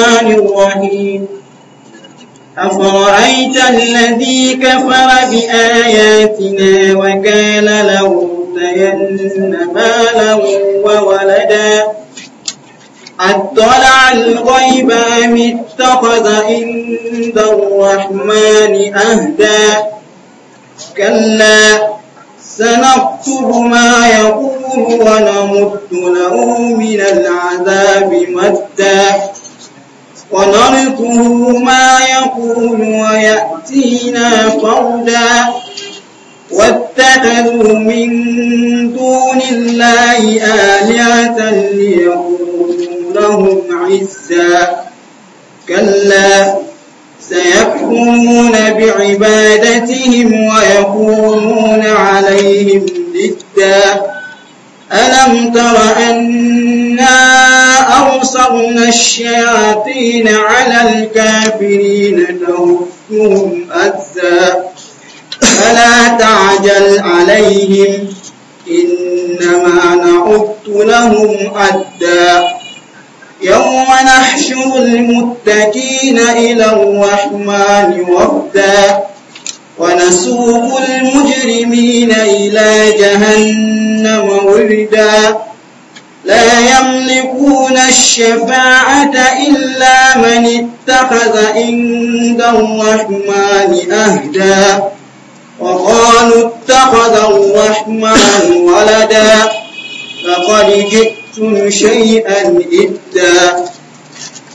الرحمن الرحيم أفرأيت الذي كفر بآياتنا وكان له دين مالا وولدا أطلع الغيب أم اتخذ عند الرحمن أهدا كلا سنكتب ما يقول ونمد له من العذاب مدا ونرثه ما يقول ويأتينا فردا واتخذوا من دون الله آلهة ليقولوا لهم عزا كلا سيكفرون بعبادتهم ويقولون عليهم ضدا ألم تر أن إنا أرسلنا الشياطين على الكافرين تهفهم أذى فلا تعجل عليهم إنما نعد لهم أدا يوم نحشر المتقين إلى الرحمن وفدا ونسوق المجرمين إلى جهنم وردا لا يملكون الشفاعة إلا من اتخذ عند الرحمن أهدا وقالوا اتخذ الرحمن ولدا لقد جئتم شيئا إدا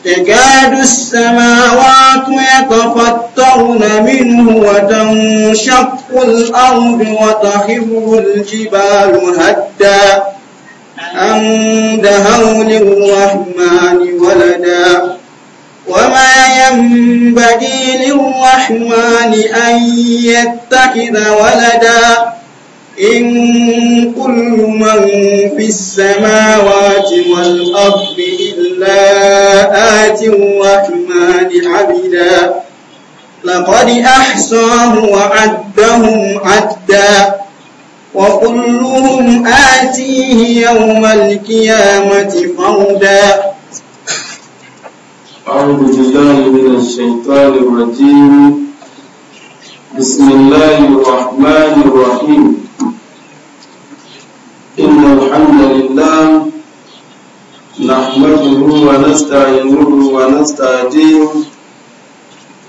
تكاد السماوات يتفطرن منه وتنشق الأرض وتخر الجبال هدا أن دهوا للرحمن ولدا وما ينبغي للرحمن أن يتخذ ولدا إن كل من في السماوات والأرض إلا آتي الرحمن عبدا لقد أحصاه وعدهم عدا وكلهم آتيه يوم القيامة فردا أعوذ بالله من الشيطان الرجيم بسم الله الرحمن الرحيم إن الحمد لله نحمده ونستعينه ونستهديه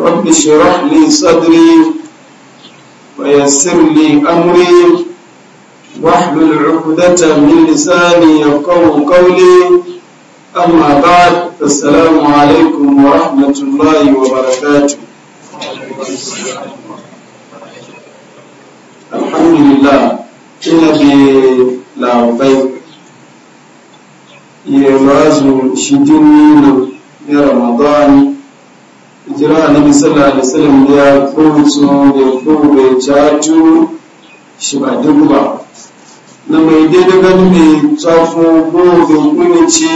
رب اشرح لي صدري ويسر لي أمري واحلل عقدة من لساني يفقه قولي أما بعد فالسلام عليكم ورحمة الله وبركاته الحمد لله ina لا labai ya mazu shi annabi sallallahu alaihi wasallam ya furutu da furu chatu shi ba duk ba na mai dai daga ne tsafo ko da kuma ci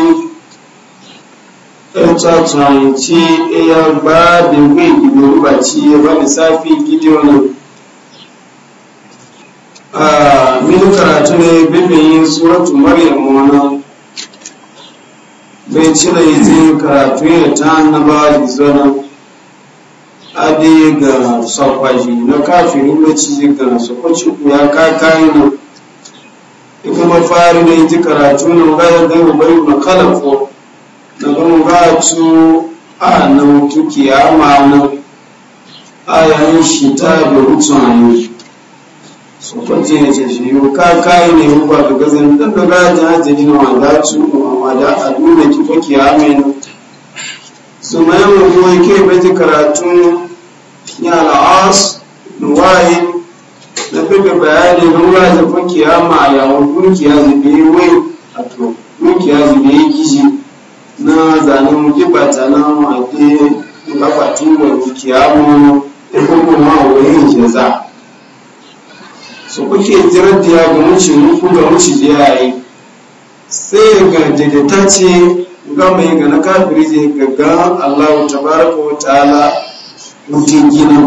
ya tsatsan ci eh, ya ba da wai gido ba ci ya ba da safi gido ne a min karatu ne bibiyin suratu maryam wannan bai cire yi karatu ya ta annabawa da zuwa adi ga sakwaji na kafin lokaci ga sakwaci ya kakayi na kuma fari ne ji karatu na ga ya bai na kalafo na gama tu a nan tuki a ma'ana a yayin shi ta da mutane sakwaci ce shi yau kakayi ne yau ba daga zan daga gajin hajjaji na wanda tu amma da a nuna ki fake a mai nan su mayan mutuwa ke bai ji karatu ya al'as da waye da fika bayani ruwa da fakiya ma a yawon dukiya zube wai a to dukiya zube ya gishi na zanen muke ba ta na mawaƙe da kafatin da dukiya mu da kuma ma wani ke za su kuke jirar da ya ga muci muku ga muci da yayi sai ga jidita ce ga mai ga na kafiri je ga Allah tabaraka wa ta'ala mutum gina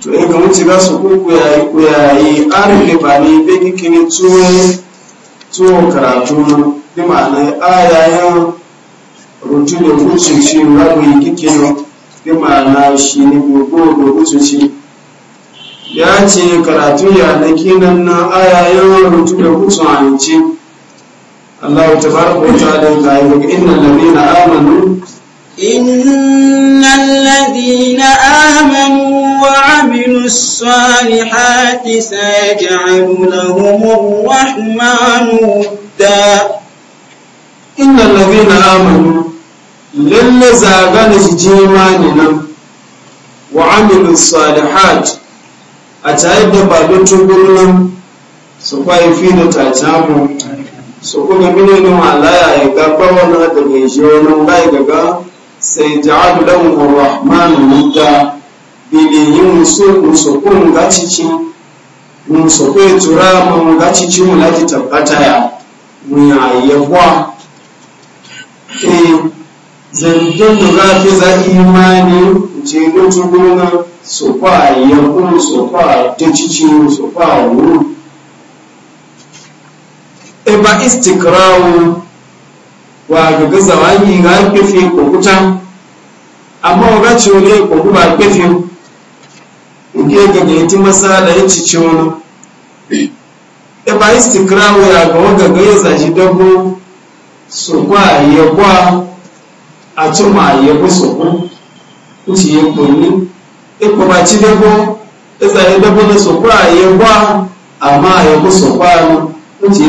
to in eh, ga wuce za su kuyayi kuyayi arin libani bai kikini tsohon karatu na bi ma'ana ayayen rutu da kucin shi rabu yi kikini bi ma'ana shi ne gogo da kucin shi ya ce karatu ya na kinan na ayayen rutu da kucin hanci Allah ta baraka ta da ga yi daga inna lamina amanu إن الذين آمنوا وعملوا الصالحات سيجعل لهم الرحمن ودا إن الذين آمنوا لن جيماننا وعملوا الصالحات أتعد بعد تقولنا سوف يفيد تعتامو سوف يمينهم على يقابلنا دمجيونهم لا يقابلنا Sai sayaj'alu lahum ar-rahmanu wudda bili yunsu musukun gacici musuku tura mun gacici mu lati tabbata ya mun yayyahwa eh zargin da za fi za imani ce doci gona su kwa yankun su kwa dacici su kwa wuru e ba istikrawu wa gaga zawani ga kefe kokuta amma waga ciwole koku ba kefe nke gaga yati masala ya ci ciwolo e ba istikrawo ya ga waga ya zaji dabo so kwa ya sokwa a tuma ya kwa so kwa kuci ya kwanni e kwa ba ci dabo e zaji dabo na so kwa ama kwa amma ya kwa so kwa kuci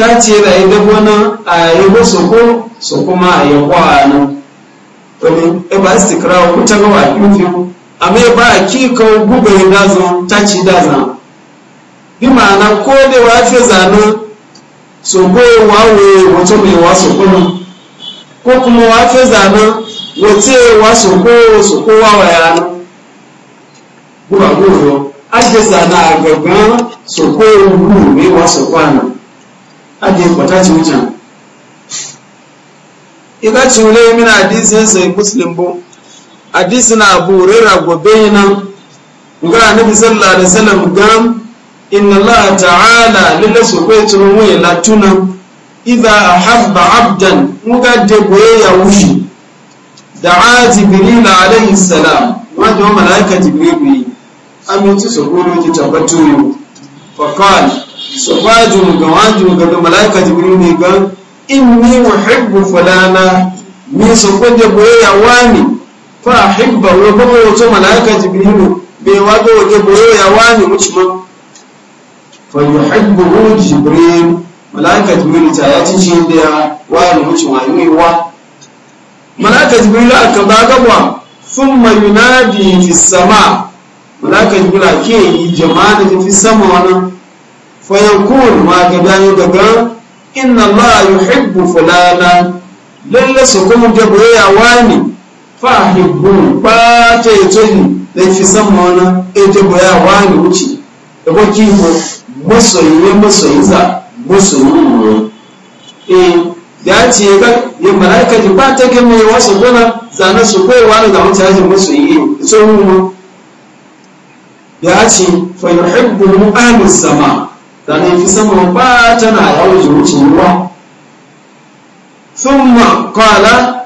ta ce da ya dabo na a yi ba soko so kuma a yi kwa nan domin e ba su tikira wa kuta ga wa kifi amma e ba a kika guga ya dazan ta ci dazan bi ma'ana ko da wa fi zanen soko wa wo wato mai wa soko nan ko kuma wa fi zanen wace wa soko soko wa wa yana gura gura ajiyar zanen a gaggan yi guru mai wa soko nan ake kwata ci wucin iga ci wule min hadisi ya sai muslim bo hadisi na abu hurairah gobe nan ga nabi sallallahu alaihi wasallam ga inna allah ta'ala lilla su kai ci mu ya latuna idza ahabba abdan muga de boye ya wushi da'a jibril alaihi salam wato malaika jibril aminci su gudu ki tabbatu fa qala so ba junuga wa junuga ga malaika jibril ne ga inni uhibbu fulana min so ko de boyayya wani fa hibba wa ba wato malaika jibril be wa ga de boyayya wani ma. fa yuhibbu jibril malaika jibril ta ya ci shi da wani mucima yi wa malaika a aka ba gabwa thumma yunadi fi sama Jibiru a ke yi jama'a da fi sama wannan fayakun ma ga daga inna ma yuhibbu fulana lalle su kuma da boyawa ne fahibbu ba ta yi tuni da fi san mana e ta boyawa ne wuce da ko masoyi masoyi za masoyi ne e ya ce ya malaika ji ba ta gami wasu gona zane su da masoyi ya ce fa mu zane fi sama ba tana yawo zuciwa thumma qala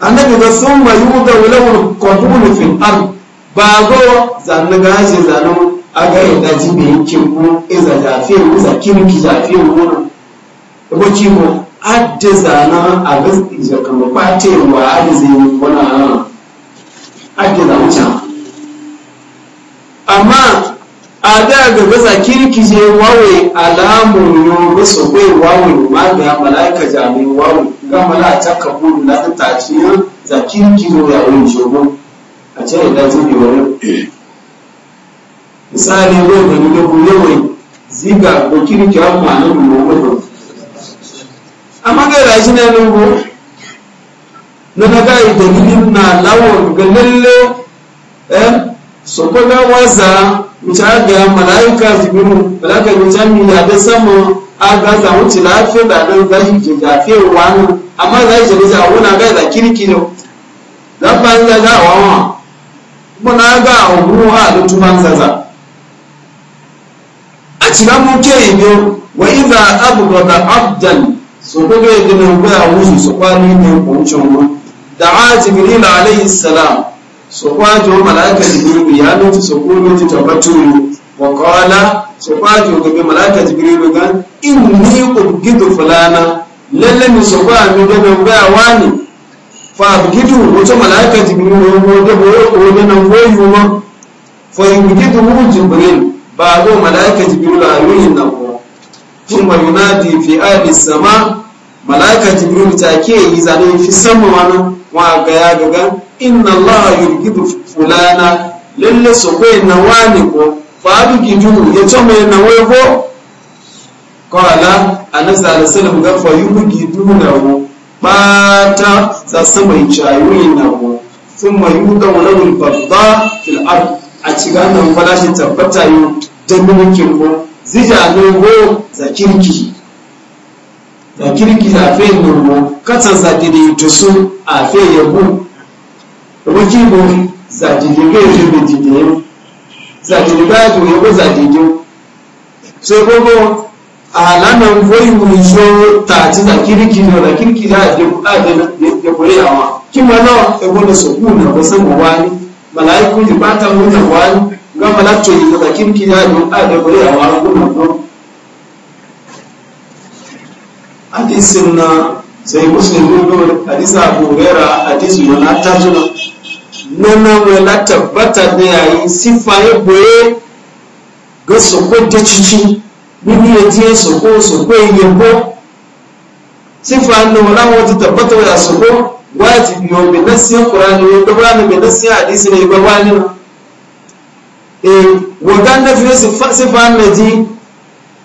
annabi ga thumma yudawu lahu qabulu fil ard bago zanna gaje zanu aga yadda jibe yakin ku iza jafe ku za kirki jafe ku na ko kimo adda zana a gaskiya ja kama kwate wa adda zai yi wana adda zanu can amma aga ga gaza kirkije wawe alamu yobe su bai wawe maga ya mala'ika jami wawe ga ka kabulu na ta taciya za kirkijo ya wani shogo a ce da zai yi wani misali wai da da buye wai ziga ko kirki ya ma na yobe amma ga rashi na lungu na na ga idan na lawo ga lalle eh so ko na waza muta ga malaika jibiru malaika muta mi ya da sama aga za mu ci lafiya da nan za shi ke jafe wani amma za shi da wani aga za kirki ne za ba za za a wawa. kuma na ga a ruwa da tuban zaza a cika mu ke yi biyu wa iza abubuwa da abdan su kuma yi gina gwaya wuce su kwani ne kwancin wani da a jibiru alayhi salam so kwajo malaka jibrilu ya nufi so ko nufi tabbaturu wa qala so kwajo gabe malaka jibrilu gan inni ubgidu fulana lalle mi so ba mi gabe ba wani fa ubgidu wato malaka jibrilu ko da ko da nan goyu ma fa ubgidu mu jibril ba go malaka jibrilu ayoyin nan ko kuma yunadi fi abis sama malaka jibrilu ke yi zane fi sama wani wa ga ya gaga inna Allah yurgidu fulana lalle so ko na wani ko fa bi gidu ya to me na we ko qala anas ala sallam ga fa yurgidu na wo bata za sama chayu na wo thumma yudaw lahu al-fadda fil ard a ciga nan fara shi tabbata yu dominikin ko zija ne wo za kirki za kirki za fe nurmo katsan za dide to su a fe yabu wajibu zadidi ga yi da dide zadidi ga yi ko zadidi so gogo alanan voyi mun so ta ti da kirki no da kirki da de da de de kore awa kima no e kuna ba san wani malaiku ji bata mun wani ga malaiku ji da kirki da de da kore awa kuna no hadisin na sai hadisa abu gaira na nana wela tabbata ne yayi sifa ya boye ga soko da cici bibi ya soko soko ya yabo sifa ne wala wata tabbata ya soko wajibi yau mai nasiyar ƙurani ne gabanin mai nasiyar hadisi ne gabanin e wakan da eh, fiye sifa na ji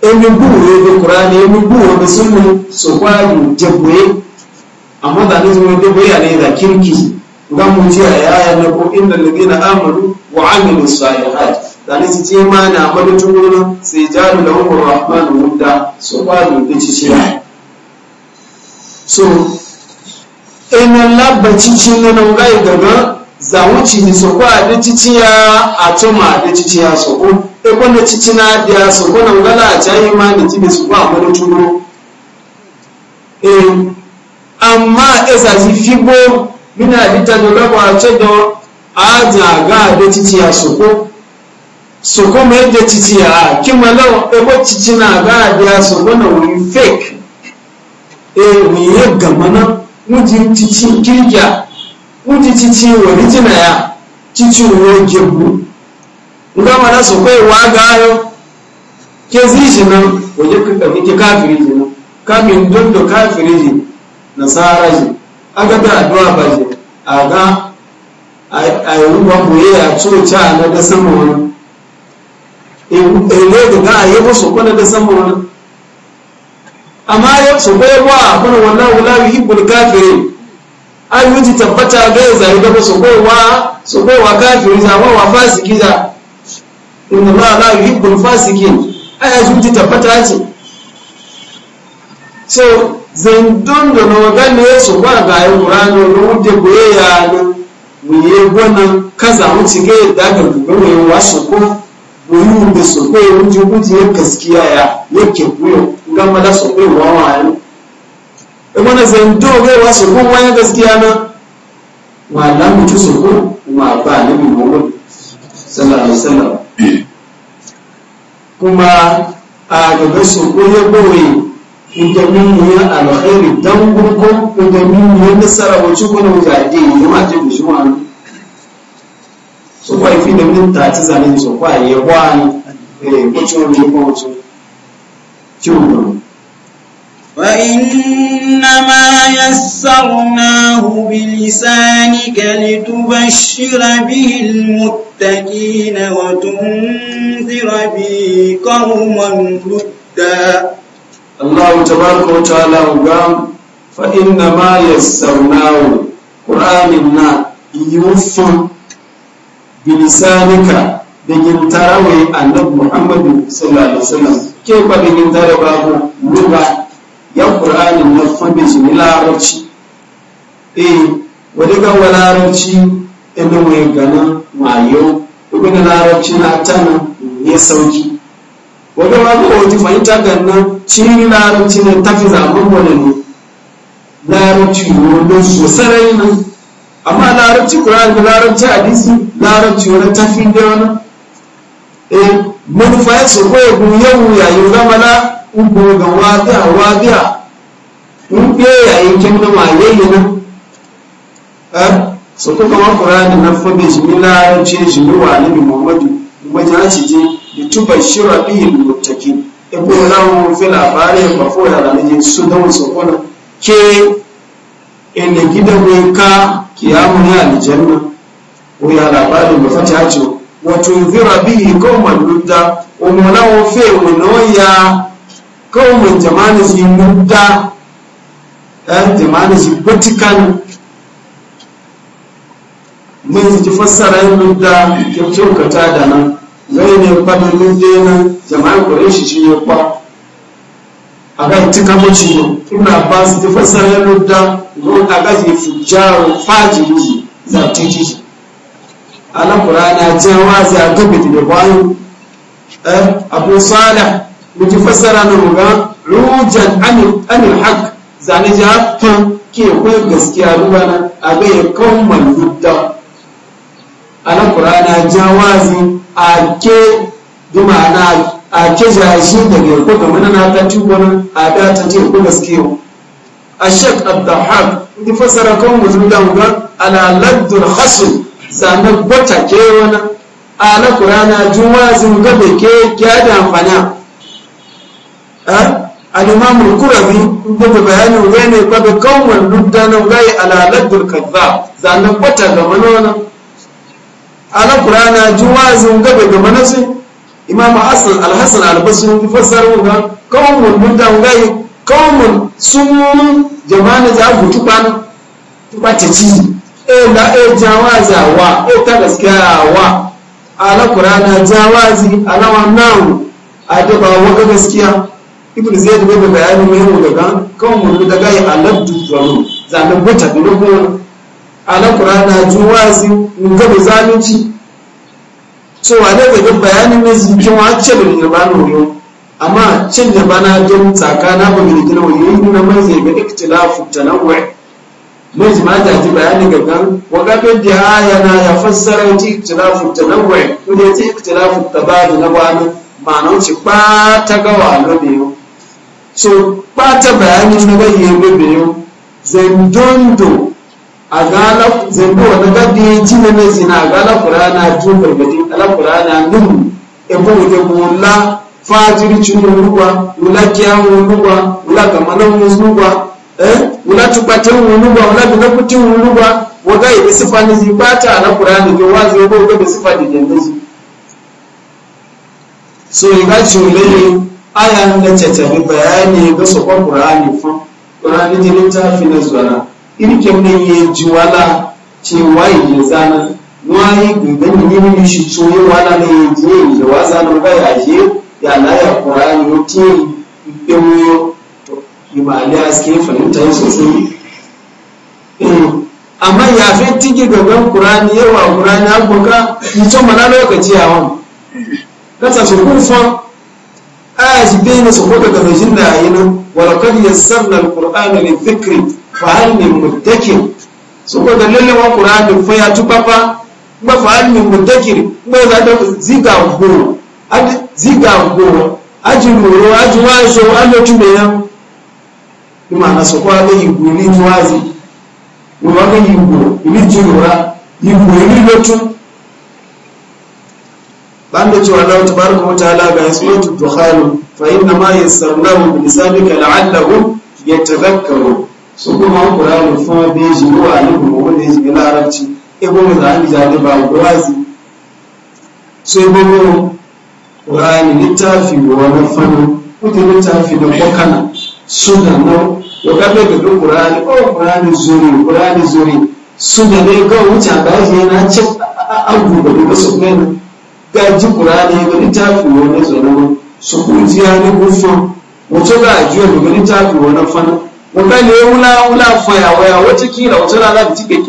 emi buwe da ƙurani emi da sunu su kwayo jagwe amma da ne da boya ne da kirki gamu jiya ya yi na ko inda nabi na amuru wa amilu sa'ihat zane su ce ma na amadu tukuna sai jami da umar rahman wunda su kwano da cicira so ina labbaci ci na nan gai daga ci ne so kwa da ya a tuma da ya so ko e ko na cicina da so ko nan gala a jayi ma ci ne su kwa amadu tukuna eh amma esa fi fibo mini alita da gaba a ce da aja ga da titi a soko soko mai da titi a kima lau ebo titi na ga da ya soko na wani fake eh mu yi gama na mujin titi kirgiya mujin titi wani jina ya titi wo gebu ngama na soko wa ga yo ke zishi nan waje kika kafiri ne kafin don da kafiri ne nasara aga da addu'a ba je aga a yi ruwa boye a coca na da sama wani ele e, ga ga a yi wasu kwana da sama wani amma ya su bai wa kuna wannan wulawi hibbul kafiri ai wuji tabbata ga ya zai da su bai wa su bai wa kafiri za wa fasiki za inna ma la yuhibbul fasikin ai wuji tabbata ce so zendon da na wagan ya su ba ga yi murano na wuce goye ya na muye gwanan kaza wuce ga yadda ga dubin mai wasu ko muyi da su ko ya wuce wuce ya gaskiya ya yake buyo gama da su ko wa yi e mana zendo ga wasu ko wani gaskiya na wala mutu su ko ma ba nabi muhammad sallallahu alaihi wasallam kuma a gaba su ko ya goye udaminiya alkhairi dan gurgo udaminiya nasara wacce kuna mujahide ne ma ce ku shi so kwa ifi da min ta ci zanen so kwa ya wani eh ko ci wani ko ci ci wani وإنما يسرناه بلسانك لتبشر به المتقين وتنذر به قوما لدا Allah tabaraka wa ta'ala ga fa inna ma yassarnahu qur'anin na yufu bilisanika da gintarawe annabi Muhammadu sallallahu alaihi wasallam ke ba da gintare babu luga ya qur'anin na fa bi larabci eh wani ga larabci inda mai gana mayo ibn larabci na tana ya sauki wabe ba ga fa fahimta kan nan cin larabci ne tafi zaman wani ne larabci wani su sarai nan amma larabci kuran da larabci hadisi larabci wani tafi da wani eh manufa ya ce ko yau yau yayi zama na ugu ga wadiya wadiya in ke yayi kin da wayayi nan eh so kuma kuran da na fa bi shi larabci shi ne wa nabi muhammadu kuma ya litubashira bihi lmuttaqin ebo zamu fi labarin ba fo ya ne su da wasu kona ke ene gidan mai ka ya aljanna ko ya labarin ba fata haji wato yuzira bihi qauman ludda o mona o fe o jamani si ludda eh jamani si batikan mwezi ji fassara ludda ke kyaukata da zai ne da nufe na jama'a kwarin shi shi ne kwa a kan cika mace ne kuna ba su ta fasa ya lodda don a gaji fi jawo faji ji za ta ji ala kurana jawa za a gabi da bayan abu mu ji fasara na muga rujan anil haq zane ja kan ke kwai gaskiya ruwa na a ga ya kawo na ala kurana jawazi ake bi ma'ana ake daga ko kamar na ta tubon a da ta ce ko gaskiyo a shek dahab ni fasara kan mutum da ga ala laddul khasl sanan bota ke wani ala qur'ana juma zun ga da ke kya da amfana ha al-imam al-qurabi da da bayanin wani ba da kawai duddanan gai ala laddul kadhab sanan bota ga wani. ala qur'ana juwazin gaba da na su imam hasan al-hasan al-basri bi fassara ga qaumun mutangai qaumun sumun jama'a za ku tuban ci e eh, da e eh, jawaza wa e ta gaskiya wa ala qur'ana jawazi ala wannan ba wa gaskiya ibnu zaid bai bayani mai mu daga qaumun daga ya alabdu zalim zalim wata dogo alakura na juwazi ngaba zalunci so wane ga bayanin ne zikin wacce da ne ba no amma cin da bana don tsakana ba ne gina wani yi na mai zai ga ikhtilafu tanawwu mai jima da ji bayani ga kan wa gabe da aya na ya fassara ti ikhtilafu tanawwu ko da ti ikhtilafu da na wani ma'anar ci ba ta gawa lobe yau so ba ta bayanin na bayyana lobe yau zai dondo agala zembo daga gadi chine ne zina agala qur'ana ju bargadi ala qur'ana dum e bo de mulla fajiri chune ruwa mulla kiyamu ruwa mulla kamana ruwa eh wula tupate ruwa mulla bina kuti ruwa waga yi sifani zi bata ala qur'ani ke wazi bo ga bi sifani de ndazi so iga chule aya na chacha bayani ga so qur'ani fa qur'ani ta littafi na zuwa irkem ne ye jiwala ce waye ya zana waye gangan ne ne shi tsoye wala ne ye je da waza no bai aje ya la ya qur'ani yote dewo to imani aske fahimta sosai eh, amma ya fi tiki gangan qur'ani yawa qur'ani abuka mutum mana lokaci a yawon kasa su kurfa aya shi bai ne su kuka kafashin da yi nan walaqad yassarna alqur'ana lidhikri fa'al min muddakir so ko da lalle wa qur'ani fa ya tubaba ba fa'al min muddakir ba za ta ziga go ad ziga go ajuru ajuwa so allo tuba ya kuma na so ko ala igu ni wazi wo ba ga igu ni jirura igu ni lotu da cewa Allah tabaraka wataala ga suratul dukhalu fa inna ma yassarnahu bi lisanika la'allahu yatadhakkarun su kuma an kula da kuma bai shi ruwa ne kuma wanda ya shiga larabci e kuma za a bija da ba kurazi sai e kuma ƙurani littafi wa wani fano kuke littafi da kwakana suna nan ya kaɗe ga duk ƙurani o oh ƙurani zuri ƙurani zuri suna ne ga wuce a daji yana cin abu da duka su kai nan gaji ƙurani ga littafi wa wani zuri su jiya ne gufan wato ga ajiyar daga littafi wa wani fano nga le wula wula fɔ yawo yawo tiki la o tora la bi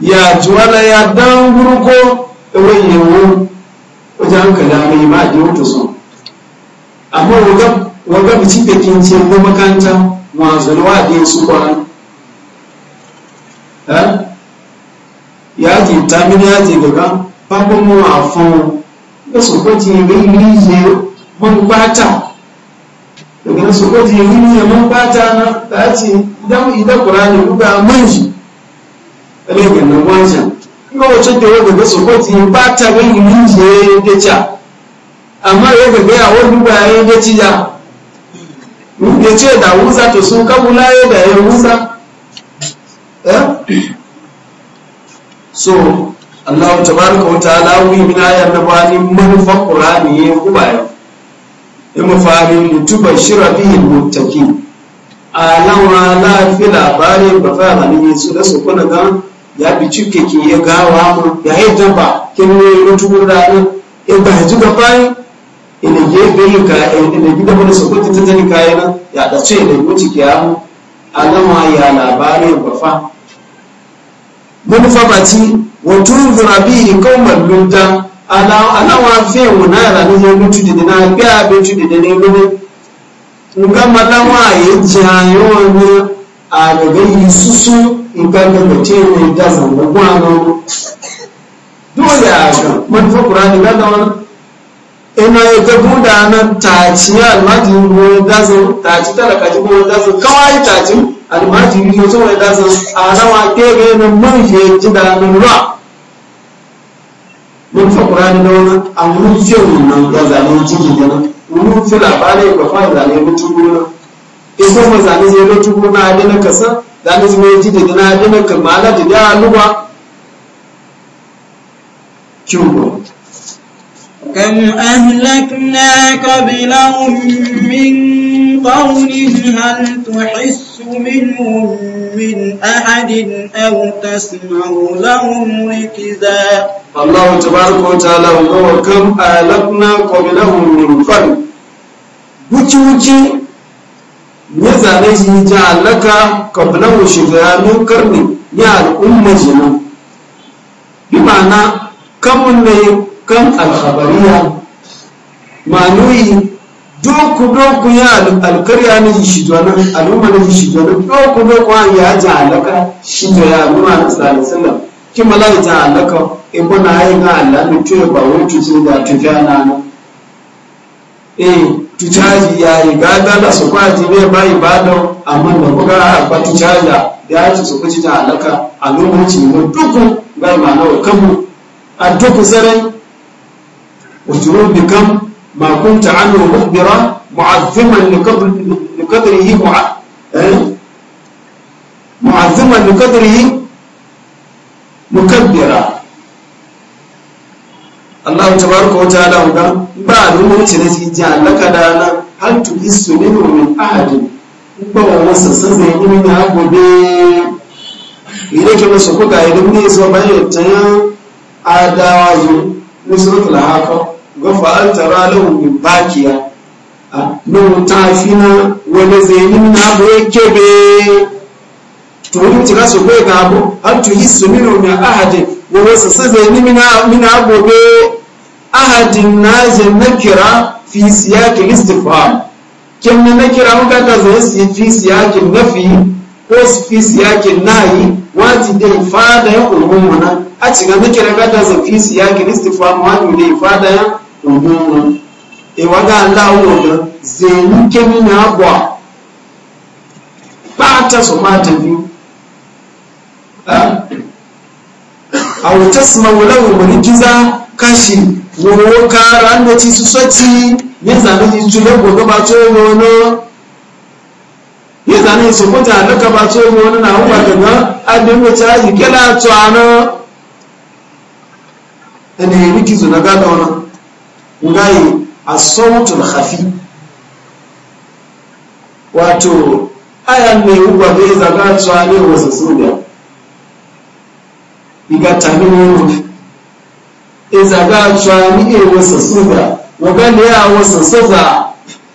ya tuwa ya dan guruko ewe yewo o ja n kala mi ma di o to sɔn amma waga waga bi tike kpe kin ce ko makanta wa zolo wa di su kwana ya ji ta mi ya ji gaga babu mu a fɔn o ka sɔn ko ti yi ri ri ye mun gbata. daga su kwaji yini ya man fata na dace idan idan qur'ani kuka manji ale ga nan wajen kuma wacce da wanda ga su kwaji bata ga yini je ya yi ta amma ya ga ya wani ba ya ya ci ya ya ce da wuza to sun kabula ya da ya wuza eh? so Allah tabaraka wa ta'ala wi min ayatan nabani man fa qur'ani ya ku bayan mafari mutuba shira bihi muttaki alawa la fi labarin ba fa halin su da su kuna ga ya bi cike ki ya gawa mu ya yi daba kin ne mutubu da ne in ba ji ga bai ina ye bai ka ina gida ba su kuta ta tani kai ya da ce da mutu ki ya mu alawa ya labarin bafa. fa mun fa ba ci wa tunzura bihi qauman lunta alawa fe wonara ni ye lutu dede na gbe abetu dede ni lobo nka malawa ye jayo ni arobe isusu nka gbogbo te ne daza gbogbo ano dole aga manufa ya ga dawa ina ya gabu da ana taci almaji ruwan dazin taci talakaci ruwan dazin kawai taci almaji ruwan dazin a rawa kebe na manufa ya ji da nan ruwa mun fa qur'ani da wani amun fiye nan da zane cikin gana mun fi labarai ga fa zane mutu gona isa ma zane zai mutu gona a dana kasa zane zai mai ji da gana a dana kamala da da aluwa kyugo كم أهلكنا قبلهم من قول هل تحس منهم من أحد أو تسمع لهم ركزا الله تبارك وتعالى وكم أهلكنا قبلهم من فن وكي ya zane shi ja allaka kablan shiganin karni ya al'umma jina bi ma'ana kamun ne kan alkhabariya doku doku ya alƙarya na ji shi jona al'umma na shi jona doku doku an ya ji alaka shi da ya al'umma na tsarin sallam ki malai ta alaka in e ba na yi na allah ni tuye ba wani tutu da tuja na na eh tucaji ya yi gaga da su kwaji ne ba ibada amma da kuka ba tucaja ya ci su kuci ta alaka al'umma ci mu duku bai ma na kamu a zarai sarai wa turubikam ما كنت عنه مخبرا معظما لقدره معظما لقدره مكبرا الله تبارك وتعالى بعد موت نتيجة جعلك دانا هل تحس منه من أحد ba masa sanza ya kuma na gobe ile ke masu kuka idan ne so bayan ta adawa zo ne su haka ga an tara lahu min bakiya no ta fina wani zainin na abu ya kebe to wani tira su kwe ga abu an tu yi su minu min ahadin wani su su zaini min abu be ahadin na jan na kira fi siyakin istifam kin na kira muka ta zai fi siyakin nafi ko su fi siyakin nayi wati da ifada ya kurgun mana a cikin na kira ka ta zai fi siyakin istifam wani da ifada ya ọmọọmọ ìwádà aláwọ̀ gan zèyí kémi ní àbọ̀ à pátá sọ máa dẹ̀bi àwòtẹ́ sinmi wọlé wọ̀wọ̀lì gíza káṣí wọ̀wọ̀ kára ń lọ́tí sísọ́ tí yẹ́zàní ìtúlẹ̀ gbọ́dọ̀ bá tó wọn náà yẹ́zàní ìsọ̀kúta ngai asautul hafi. wato ayan ne ugwa bai zaga tsale wasu suniya igatani wuri izaga tsani e wasu suniya ne ya wasu suza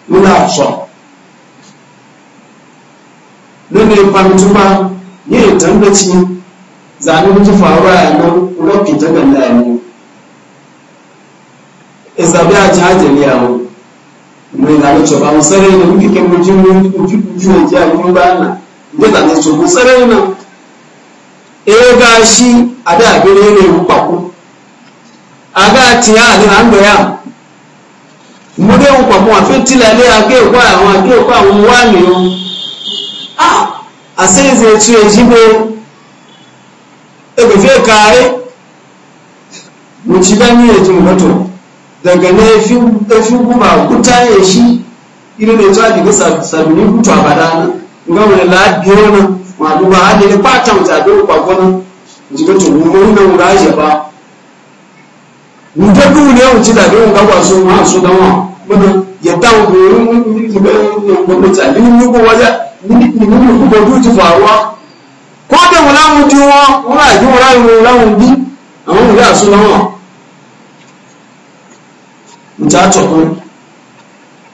muna tswa nune pantuma ne tambaci zanen ta faruwa a nan rafi ta ganda ne esabi a caje ni awo mai na lucho ba musare ne muke ke mu jimu jimu ji a jimu ba na nde ta ne chumu sare na e ga shi ada abere ne mu papo aga ti a ni an do ya mo de un papo afi ti la le age ko àwọn age ko àwọn wa ni o ah ase tu e jibo e be fe kare mo ti ba ni e jimu to daga na fi kuma kuta ya shi irin da ta diga sabini kutu a bada na nga wani labiyo na ma duba hadi ne pata mutu abin kwakwana jiga to mu mun da wura je ba mu ta du ne mu ci da bin gaba so ma so da ma mun ya ta mu mun ji ba mun mun ta bin mu ko waja ni ni mu ko du ti faruwa ko da wala mu wa wala ji wala mu wala mu bi amma mu ga so da mutacokun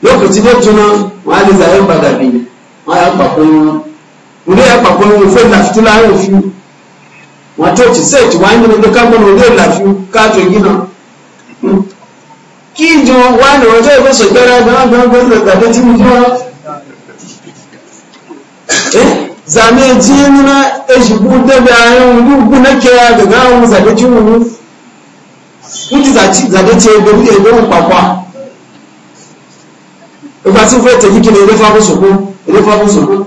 lokaci na tuna wani zayen bagabi wani an bakon wani ya bakon wufin na fitila ya wufi wato ci sai ci wani ne duka mana wani lafi kato gina kíjọ wà ní ọjọ́ ìgbésọ̀ gbẹ́rẹ́ agbẹ́gbẹ́ ìgbàgbẹ́ tí mo fọ́ zàmì jí nínú èṣùgbù débi àárín òun gbùgbù náà kẹ́ àgbẹ̀gbẹ́ àwọn zàgbẹ́ ga mo fọ́ mu zade ce egbon kwakwa ìgbà tí fẹ́ tẹ̀yí kí ni ilé fáwọn ya ilé fáwọn sòkó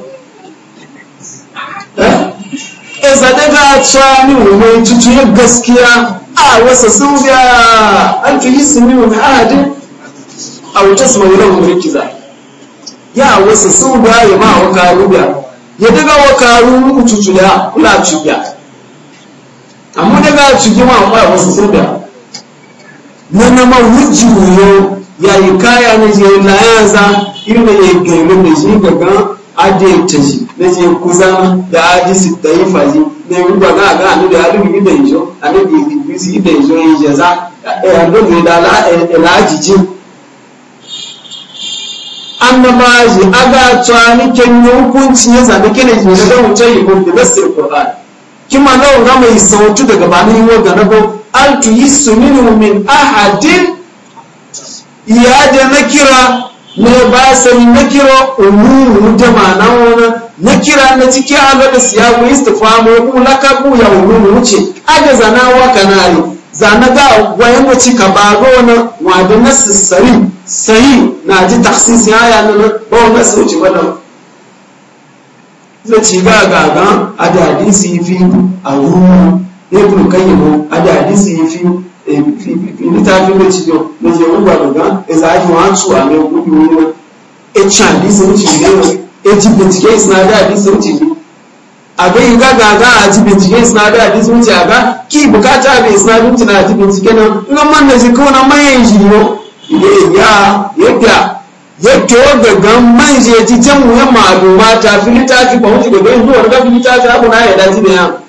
ẹ zade ga tsa ni wòwe tutu ya gaskiya a wasu sun biya an fi yi sun biyu a hadin a wuce su mawulan wurin kiza ya wasa sun biya ya ma wa karu biya ya daga wa karu tutu ya kula cibiya amma daga cikin ma wa wasu sun biya nana ma wuji wuyo ya yi kaya na je layaza irin da ya gairu da shi daga aje ta shi na je kusa da aji su ta yi faji na yi ruba ga ga anu da ya rubi yi jo anu da yi rubi su yi jo ya jaza ya rubi da la'ajijin annabaji aga ken yi hukunci ya zabi kene ki wuce yi ko da sir qur'an kima na wuga mai sautu daga yi wa ga nabo an tuhissu minhu min ahadin ya da nakira ne ba sai nakira umuru da ma'ana wani nakira na ciki an da siya ku mu ku lakabu ya umuru wuce aga zanawa kanari zana ga wayan wuce ka ba ga wani na sassari sayi na ji taksisi ya na ba wani su wuce da zai ci ga gagan a da hadisi fi a ibn kayyimu a da hadisi ya fi littafin da cikin na ke ugba daga ya za a yi wa su a mai kudi wani na ecin hadisi wuce ne ya ci bincike isnada hadisi wuce ne a ga yi gaga ga a ci bincike isnada hadisi wuce a ga ki bukata da isnada wuce na ci bincike nan ina man da shi kawai na manyan shi ne ya yadda yadda wadda gan man shi ya ci can wuyan ma'aduma ta fi littafi ba wuce da bai zuwa da fi littafi abu na ya daji ne yawa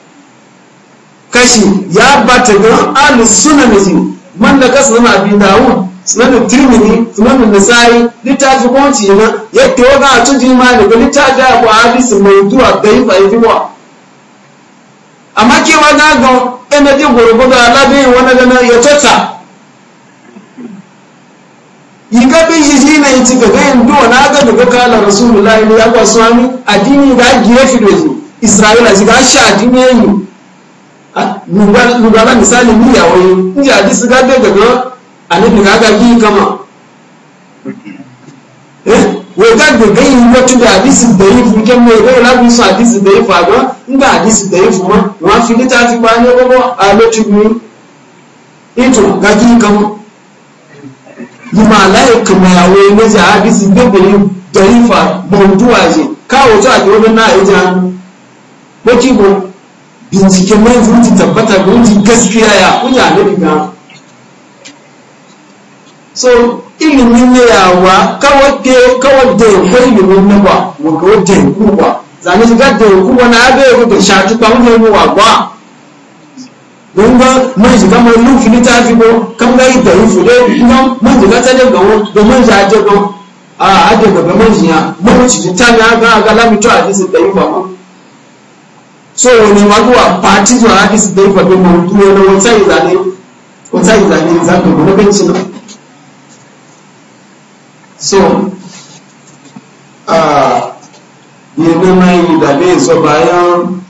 kashi ya bata gan ahlus ne man da kasu zama abi dawud sunan tirmidhi sunan nasai littafi ko ci na yadda waga a cikin imani ga littafi ya ko hadisi mai duwa da yi fa yi amma ke wa ga ga ina ji gurgudu alabe wani gana ya tota yiga shi yiji na yiti ga yin duwa na ga daga kala rasulullahi ya kwa suwami addini ga giye fi da isra'ila ji ga sha addini yayi lugala misali ni ya wani inji hadisi ga daga ga annabi ga ga gi kama eh we ga ga yi wato da hadisi da yi fu kan mai ga la bi sa hadisi da yi fa ga inda hadisi da yi fu ma wa fi ni ta fi ba ne ko a lokaci mu ito ga gi kama yi ma lai kuma ya wani ne ja hadisi da yi da yi fa mawdu'a je kawo ta ga wannan na ija ko ki ko bincike mai zuci tabbata ga wuce gaskiya ya kunya na diga so ilimin na yawa kawai da ya kwa ilimin na ba waga wadda ya kuwa zane shiga da ya kuwa na abe ya kuka sha tukwa wani yi wa ba don ga mai shiga mai lufi ni ta fi ko kan ga yi da rufu ne ina mai shiga ta daga wani domin shi aje ko a aje gaba mai shiga mai shiga ta na ga ga lamito a jisun da yi ba so wani maguwa wa zuwa za hadithi dai fa bi mawdu na watsai zane watsai zane za ka gona benci na so ah ye na mai da be so bayan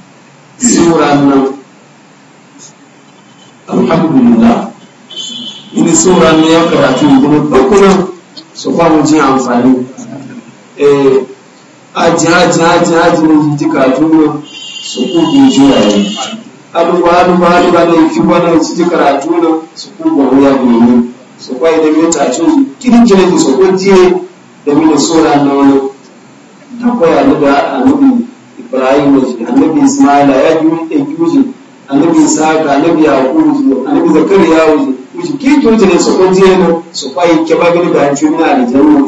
suran nan alhamdulillah ini suran ne ya karatu gudu dokunan so ba mu ji amfani aji aji aji aji mu ji karatu sukukun juyaye aluba-aluba-aluba na ifi su ji karatu na su kuma wuya gobe su kwa idan ya tace su kirkire su su kwanciye da mini sora na wani da kwaya aluba alubi ibrahim da annabi ismaila ya ji wani ɗan yuji annabi isaka annabi yakubu annabi zakariya wuji wuji kirkire ne su kwanciye na su kwa yi kebabin da ya wani alijanna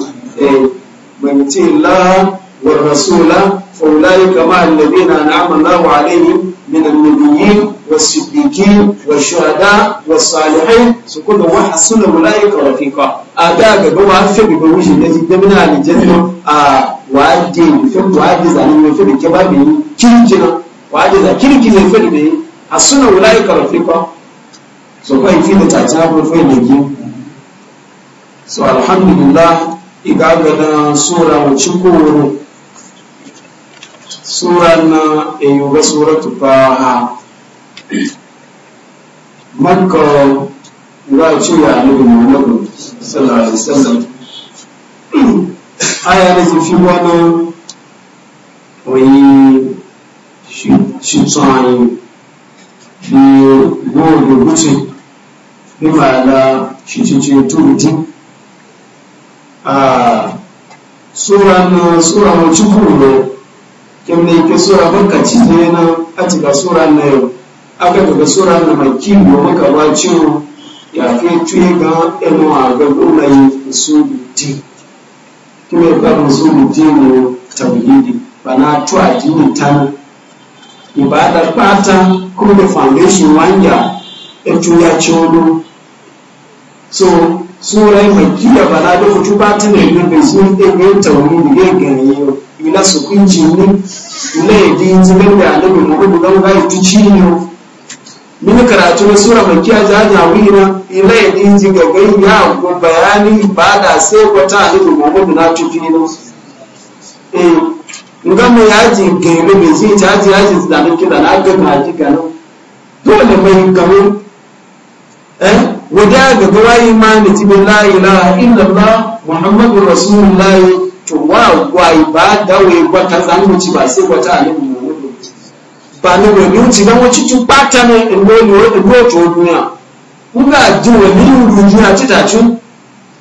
mai eh, ce la wa rasula فأولئك مع الذين أنعم الله عليهم من النبيين والصديقين والشهداء والصالحين سكون وحسن أولئك رفيقا أداك بما أفهم بوجه الذي دمنا عن الجنة وعدين فهم وعدز عن المفيد كبابي كيرجنا وعدز كيرجنا يفهم به حسن أولئك رفيقا سكون يفيد تعتاب وفهم يجيب so alhamdulillah igagana sura wa cikowar sura na eyuga suratu taha makka ga cuya annabi muhammadu sallallahu alaihi wasallam aya na jifi wani oyi shitsani fi gbogbo ni shi a ah, sura na sura wacce kuma kemne ke sura baka ci ne na ati ga sura na yau aka daga sura na mai kimbo maka ba ciwo ya fi tuye ga eno a ga gunayi su di kuma ba mu su di ne tauhidi bana to addini tan ibada pata kuma da foundation wanya e tuya ciwo so surai mai kila bala da kutu ba ta ne na bai ne ɗin yin tauni da yin gani yau ina su kunci ne ina ya din zigar da alabi mako da gama gaya tu ci ne mini karatu na sura mai kiya jaja wina ina ya din zigar gai ya ko bayani ba da sai wata alabi mako eh, da na tufi ne eh nga mai yaji gani mai zai ji yaji da na kila na ga gaji ganin dole mai kamar eh wadda ga gawa imani tibe la ilaha illallah muhammadu rasulullah to wa wa ibada we gbata zanu ci ba sai gbata ne ba ne wani wuce ci gan wuci tun bata ne ilo ni wani ilo to duniya kuka ji we ni duniya ci ta tun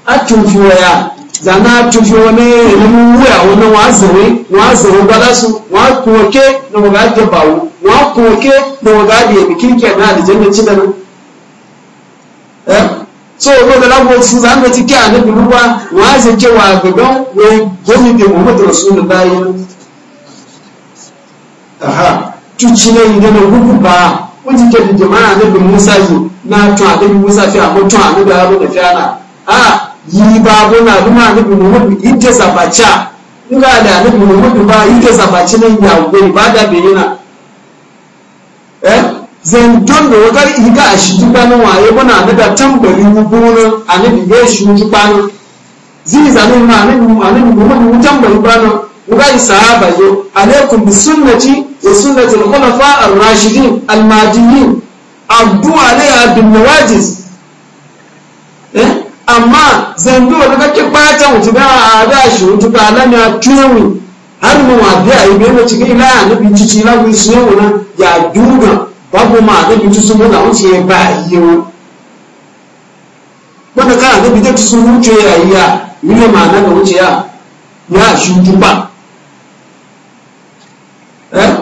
a tun fi waya zana tun fi wani ilimin wuya wani wa zawe wa zawe bala su wa koke na waga jabawu wa koke na waga da yabi kirkiya da aljanna cikin da Eh? so olóòdó lágbo fún sáńdọ̀ ti kí àníbi wíwá wọ́n á sì ké wà gbẹ̀gbọ́n wọ gómi bí wọ́n mọ̀tò sún lọ báyé tuntun náà yìí dẹ́nu gbogbo bá wọ́n ti musa yìí náà tún àníbi musa fi àmọ́ tún àníbi arọ́ lè fi yìí bá bọ́ náà bí wọ́n àníbi muhammadu yìí dé nígbà àdé bá yìí náà. zandon da wakar iga a shi dubanin waye muna na da tambari hukunan a na da shi dubanin zai zanen ma na bimu a na bimu mun mu tambari bana wuga isahaba yo alaikum bi sunnati wa sunnati al-khulafa ar-rashidin al-mahdiyyin abdu alaiha bin nawajis eh amma zando da kake bata mutu ga a da shi mutu ga ya tuni har mu wa biya ibe mu cikin ila na cikin ila ya duga kuma bi ta sun na wuce ba yiwu wanda kan annabi ta sun wuce yayya yine ma'ana da wuce ya ya shuju ba eh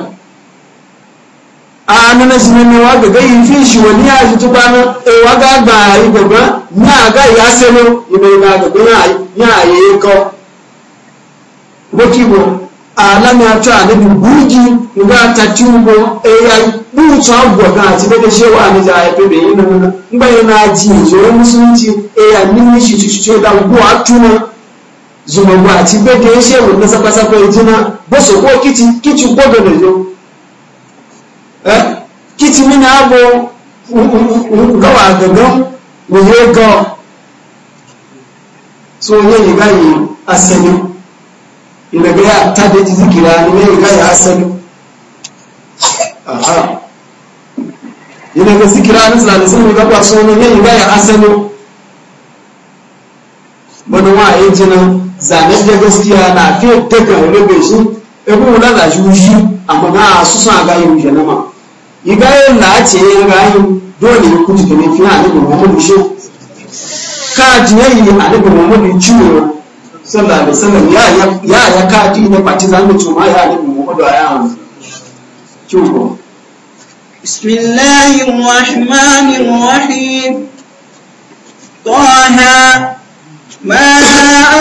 a nana sinimi wa ga gayi fi shi wani ya shi tuba na e wa ga ba yi gaba na ga ya selo ime na ga ya ya yi ko boki bo alami ato bi buji nga atati ugo eya buto agwa ga ati bebe she wa ni ja bebe ina na ngba ina aji yo musunti eya ni shi shi shi da atu na zuma gwa ati bebe she wo na sapa sapa ejina boso ko kiti kiti godo le yo eh kiti mina abo nga wa gogo wo yo go so ye ga yi asemi ina ga ya ta da ji zikira ni ne ga ya asali aha ina ga zikira ni zan zan ga ba so ne ga ya asali wani wa ya ji nan zane da gaskiya na fi daga wani bai shi ebe wani da shi amma na su sa ga yi janama igayen na ce ya ga yi dole ya kuji ne fi na ne ba mu shi ka ji yayi a ne ba mu ciwo sallallahu alaihi wasallam ya ya ya ka ti ne pati za mu tuma ya ne mu ya mu kyugo bismillahir rahmanir rahim طه ما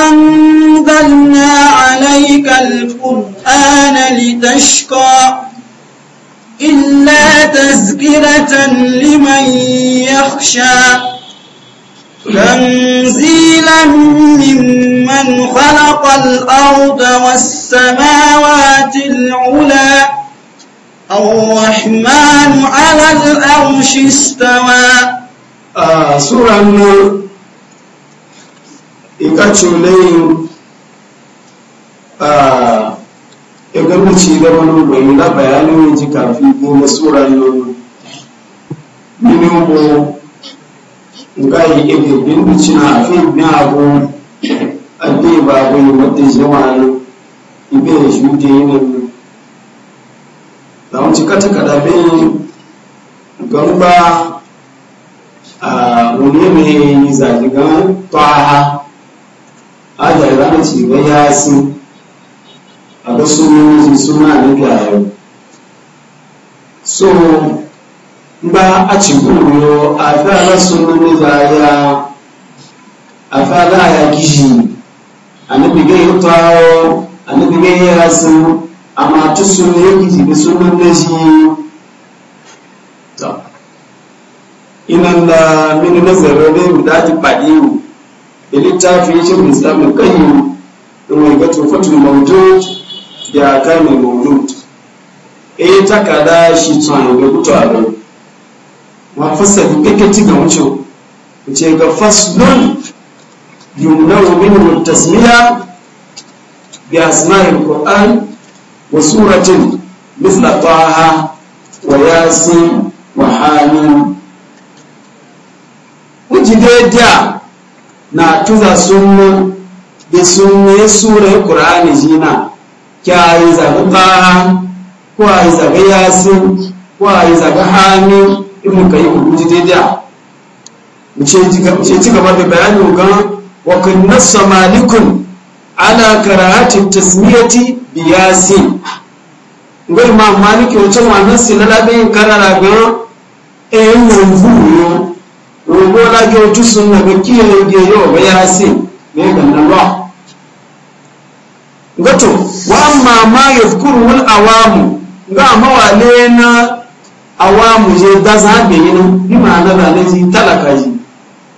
أنزلنا عليك القرآن لتشقى إلا تذكرة لمن تنزيلا ممن خلق الأرض والسماوات العلى الرحمن على الأرش استوى سورة النور ikaculayin a igamici da wani bayyana bayanin yanzu kafin goma tsoron yau ngayi ebe bindu cina fi nyago ade ba go yote jawani ibe jude ne da mun ci kata kada be gamba a wani ne yi zaji gan taha ada da ci ga yasi a ga sunan suna da gayo so ba a cikuru a fara sunan zaya a fara ya gishi nufi gai yi a nufi gai ya rasu amma ta sunan ya gishi da sunan da shi ta inan da mini nazarin da yi daji faɗi da littafi shi islamin kanyi da mai ga tufatun maudu da mai maudu e takada shi tsanin da kuta abin wa fasali kakkaci ga wucin wuce ga faslun yumnawu minhu tasmiya bi asma'il qur'an wa suratin misla taha wa yasin wa hamim wujideja na tuza sunnu da sunne surar qur'ani jina kyayi zabi taha ko ayi zabi yasin ko ayi zabi hamim ibn qayyim dai daidai ce ci gaba da bayanin ga wa nassa malikun ala karahati tasmiyati bi yasin ga imam maliki wancan wannan na bayin karara ga eh yanzu yo rogo la ga otu sunna ga kiyaye ga yo ga yasin me ga nan ba gato wa amma ma yadhkuru wal awamu ga mawale na awa mu je da za be yi nan bi ma'ana da ne talaka ji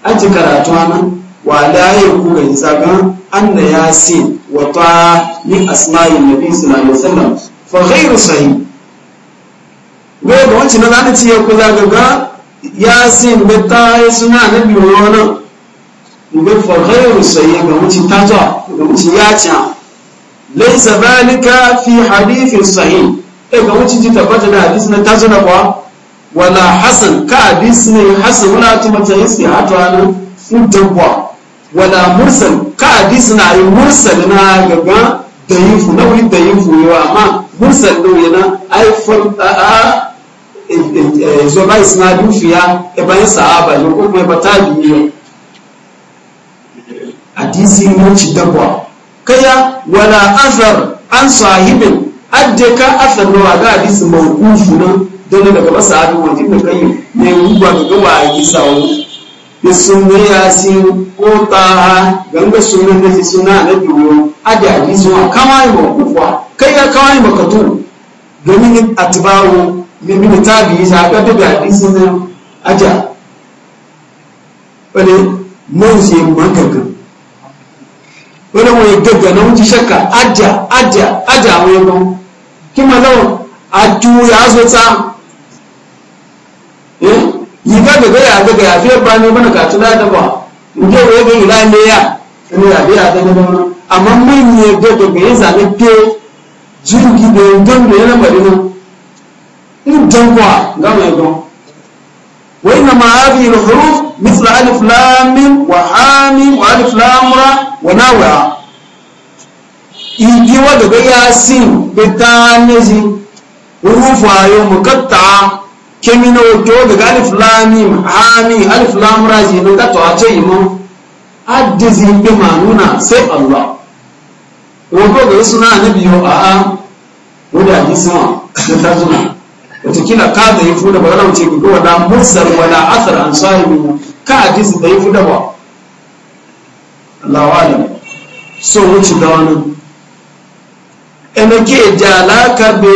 an ci karatu ana, wa la ya ku ga zaga anna yasin wa ta ni asma'i nabi sallallahu alaihi wasallam fa ghairu sahi. we da wancin na zan ci ku zaga Ya yasin da ta yi suna nabi wani mu ga fa ghairu sahih ga mutum ta zo ga mutum ya ci laisa zalika fi hadithin sahih ga wucin ji tabbata da hadisi na tazo na kwa wala hasan ka hadisi ne hasan wala ta mata yasi hatu ana fudan kwa wala mursal ka hadisi na yi mursal na gaga dayifu na wuri dayifu yawa amma mursal ɗin yana aifar a e, e, e, zo ba isna dufiya e bayan sahaba ne ko kuma ta tabi ne hadisi ne ci dabwa kaya wala azar an sahibin adde ka asar da waga hadisi mawqufu nan dan daga masahabi wa ibn qayyim ne ruwa ga gaba a gisa wani da sunna yasin ko taha ganga sunan da suna na biyo adda hadisi wa kama yi wa kai ya kawai makatu domin atbawo min min tabi ya ga daga hadisi na aja wani mun sai magaka wani wani na wuce shakka aja aja aja wani kima lau a juya su ta yi ga gaga ya gaga ya fiye bani mana ka tuna da ba nge wo ga ila ne ya ne ya biya da gaba amma mun ne ga gaga ya zane ke jirgi da don da yana bari nan in dan kwa ga mai gon wa inna ma hadhihi al-huruf mithla alif lam mim wa hamim wa alif lam ra wa nawaa igi wadda ga yasin ita nizi rufu ayo mukatta kemina wato daga alif lamim hami alif lam raji no gato a ce imo addizi bi manuna sai allah wato ga suna annabi yo a a wadda ji sama da ta zuna watakila ka da yi fuda ba wala wuce ga wala mursal wala athar an sahibi ka hadisi da yi fuda ba Allah wa'alam so wuce da wani emeke da alaka be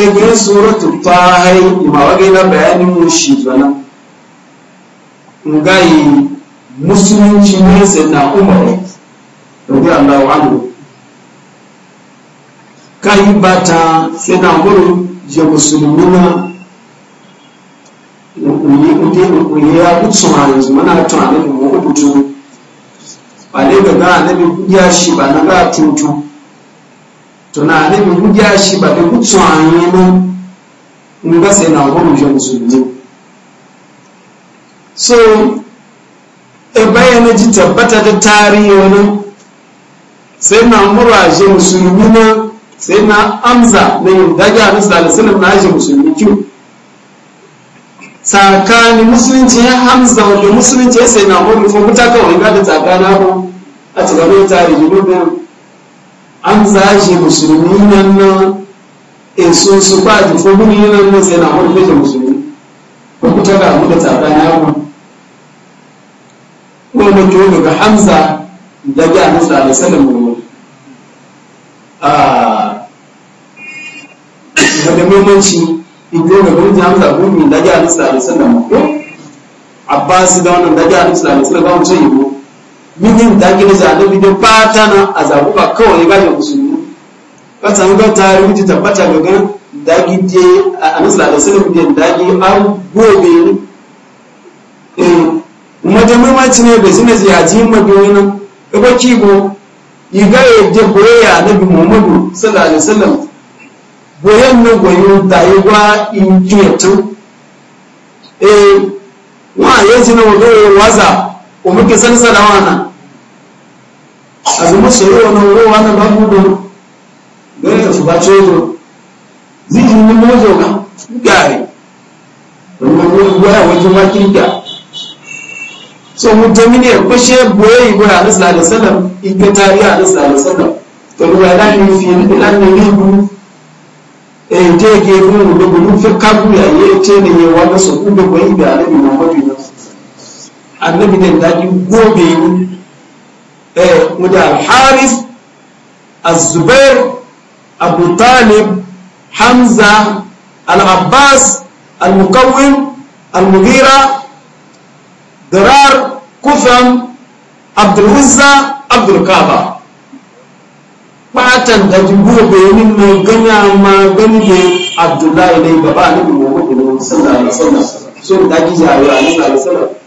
egin suratu tahai ma wage na bayanin mu shi zana ngai musulunci ne sai na umar rabbi allah anhu kai bata sai na guru je musulmina uyi ya kutsu ma yanzu mana ne mu kubutu ba ne ga ga annabi ya shi ba na ga tutu tunani mu buga shi ba da kutsanye mu in ba sai na gwamnati shi musulmi so e bayyana ji tabbata da tarihi wani sai na mura shi musulmi na sai na amza na yin dage a nasu alisalin na shi musulmi kyau tsakanin musulunci ya hamza wanda musulunci ya sai na gwamnati ko mutaka wani gada tsakanin abu a cikin tarihi ne an zashi musulmi nan nan in sun su ba ji ko mun nan sai na mun fita musulmi ba ku ta ga mu da tsada ku kuma da ke ji ga Hamza da ga Musa sallallahu alaihi wasallam ah da muhimmanci idan ga mun ji Hamza ko da ga Musa sallallahu alaihi wasallam ko Abbas da wannan da ga Musa sallallahu alaihi wasallam ba mu ce mijin ta ne zane bidiyo fata na a kawai ba da musulmi ba ta ga ta tabbata ga gan dagi je a anisa da sirri bidiyon dagi an gobe mata mamaci ne bai suna ziyaci mabiyoyi nan kibo iga je boyayya na bi muhammadu sallallahu alaihi wasallam boyan yi eh wa yanzu e, waza omuke sanisana wana ba ono uwo wana babudo befu ka ziji nimozoka mugari waya wajen wakirka so mutumini ya kushe boye igwe a nasu alisalam ike tari a nasu alisalam to ruwa ya ni fi ilan na yiwu e eh, je ge mu da gudu fi kabu ya yi ce ne yawa da su kuma muhammadu annabi ne da ki gobe ni eh muda al-haris az-zubair abu talib hamza al-abbas al-muqawwim al-mughira dirar kufam abdul uzza abdul kaba fatan da ji gobe ni mai ganya ma gani ne abdullahi ne baba ne gobe ne sallallahu alaihi wasallam so da ji jawo alaihi wasallam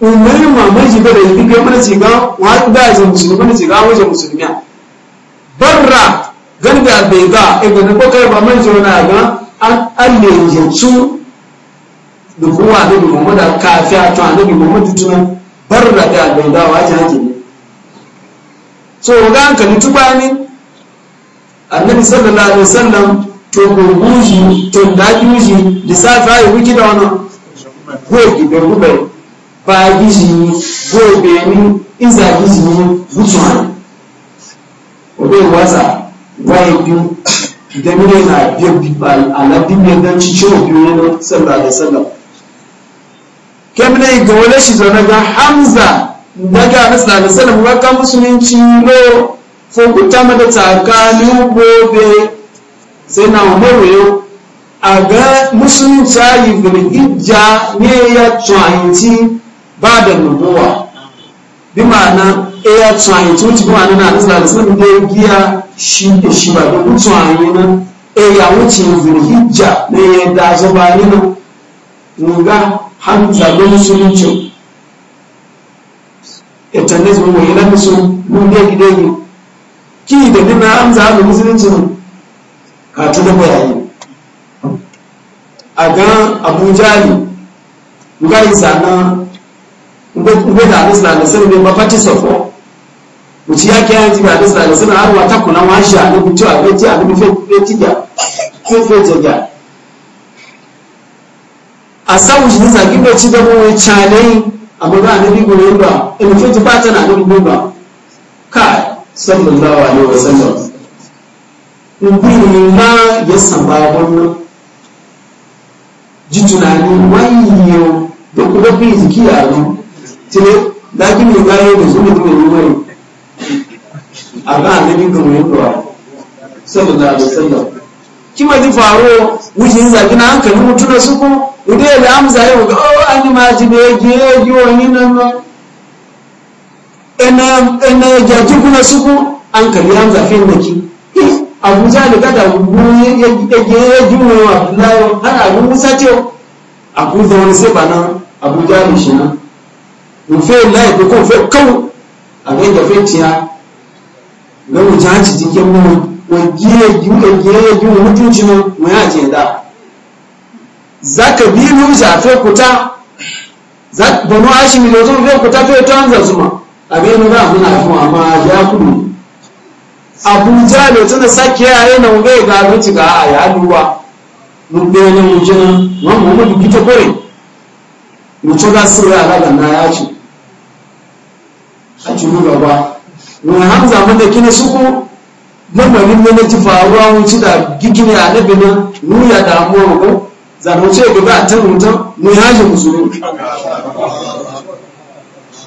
umar mamaji ba da yi duk mana ciga wa da ya musulmi na ciga wajen musulmi barra ganga bai ga ibi na kokar mamaji man jona ga an alle yanzu da kowa da bi mamada kafi a to bi mamadu tuna barra da bai ga wajen hake so ga an tuba ne annabi sallallahu alaihi wasallam to gurguji to dajuji da safa ya wuki da wani. ko idan rubai ba gizini gobe ni iza gizini mutuwa wadai waza waye biyu da mire na biyu alabin ya ganci cewa biyu ne na sallah da sallah kemne ga wale shi zaune ga hamza daga na sallah da sallah ga kan musulunci lo fokuta mata tsakanin gobe sai na umaru yau a ga musulunci ayi hijja ne ya tsohanci ba da nubuwa bi ma'ana e ya tsaye to ci ma'ana na tsala sun da giya shi da shi ba da mutsaye na e ya wuce zulhijja ne ya da so ba ni na nuga han zabe musulunci e tanne zo mu yana musu mun da gidanki ki da dina an zabe musulunci ka ta da bayani a ga abujali yi sanan ngweta alisla alisla ne mafati sofo uci yake ya ji alisla alisla har wata kuna washa ne kuci a beti a shi ne bai ci gaba wai cale a maga a ba in ba na ba ka sallallahu in bi ni ma ya samba wannan ji tunani wani yau da kuma jiki a tile lakin ne bayan da zuwa da yi a ga annabin ga mai ruwa sallallahu alaihi wasallam kima ji faro wujin zaki na hankalin mutu da suku idan da amsa yau ga oh an ma ji da yake yi wani nan ina ina jaji kuna suku an kalli an zafin da ki eh, abuja da kada gugu ya yi wa abdullahi har abin musa ce abuja wani sai ba nan abuja ne shi nan nfe laifi ko nfe kawo a ga yadda fetiya ga mu jaji jikin mu wa giye giye giye giye mu mu ya ce da zaka bi mu jafe kuta zak banu hashim ne zo fe kuta fe to an zuma a ga mu ga mun afu amma ya kudu abuja ne tun da sake yare na mu ga ga a mun a cikin gaba wani hamza da kina suku mamarin ne na ci faruwa ci da gikini a nabi na nuya da amuwa ko zanoce da gaba a ta mutum mu yaji musulun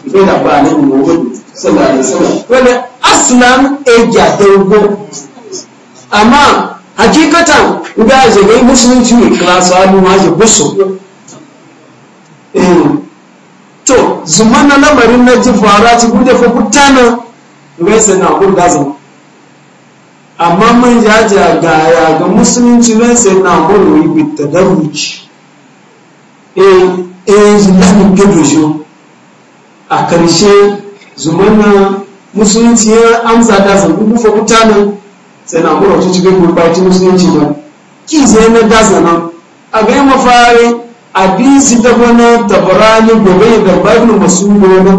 da ba ne mu sallallahu alaihi wasallam wani e dogo amma hakikatan ga je ga musulunci ne class alu ma je busu eh, zumana lamarin na ji fara ci guje fa kutana ga sai na kun da zama amma man jaja ga ya ga musulunci ne sai na kun yi bitta da ruci eh eh zumana ne ke dojo a karshe zumana musulunci ya amsa da zama guje fa kutana sai na kun ci guje gurbati musulunci ba ki sai na da zama a ga mafari abisi da wani tabarani gobe da bani masu gobe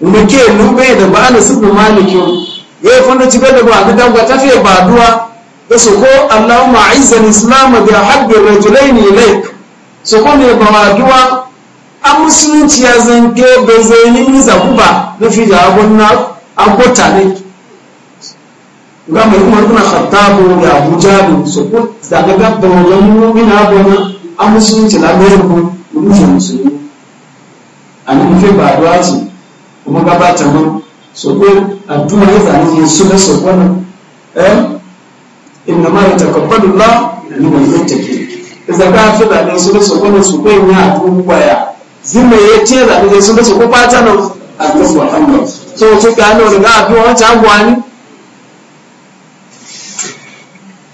umake nube da bani su maliki ya yi fanda ci da ba da ga tafiye ba duwa da su ko allahumma Islama da bi habbi rajulain ilaik su ko ne ba duwa an musulunci ya zanke bai zai ni ni ba na fi da abun na agota ne ga mai kuma kuna khattabu ya abuja ne su ko da ga da wajen mu'mina gona a musulunci na gairubu rufe musulmi a nufe ba addu'a ce kuma gabata mun so ko addu'a ya zane ne su na so kwanan eh inna ma ya takabbalu la ni mai yattake idan ka fi da ne su na so kwanan su kai ya abubuwa ya zima ya ce da ne su na so ko fata na addu'a wa Allah so to ka no ga addu'a wancan gwani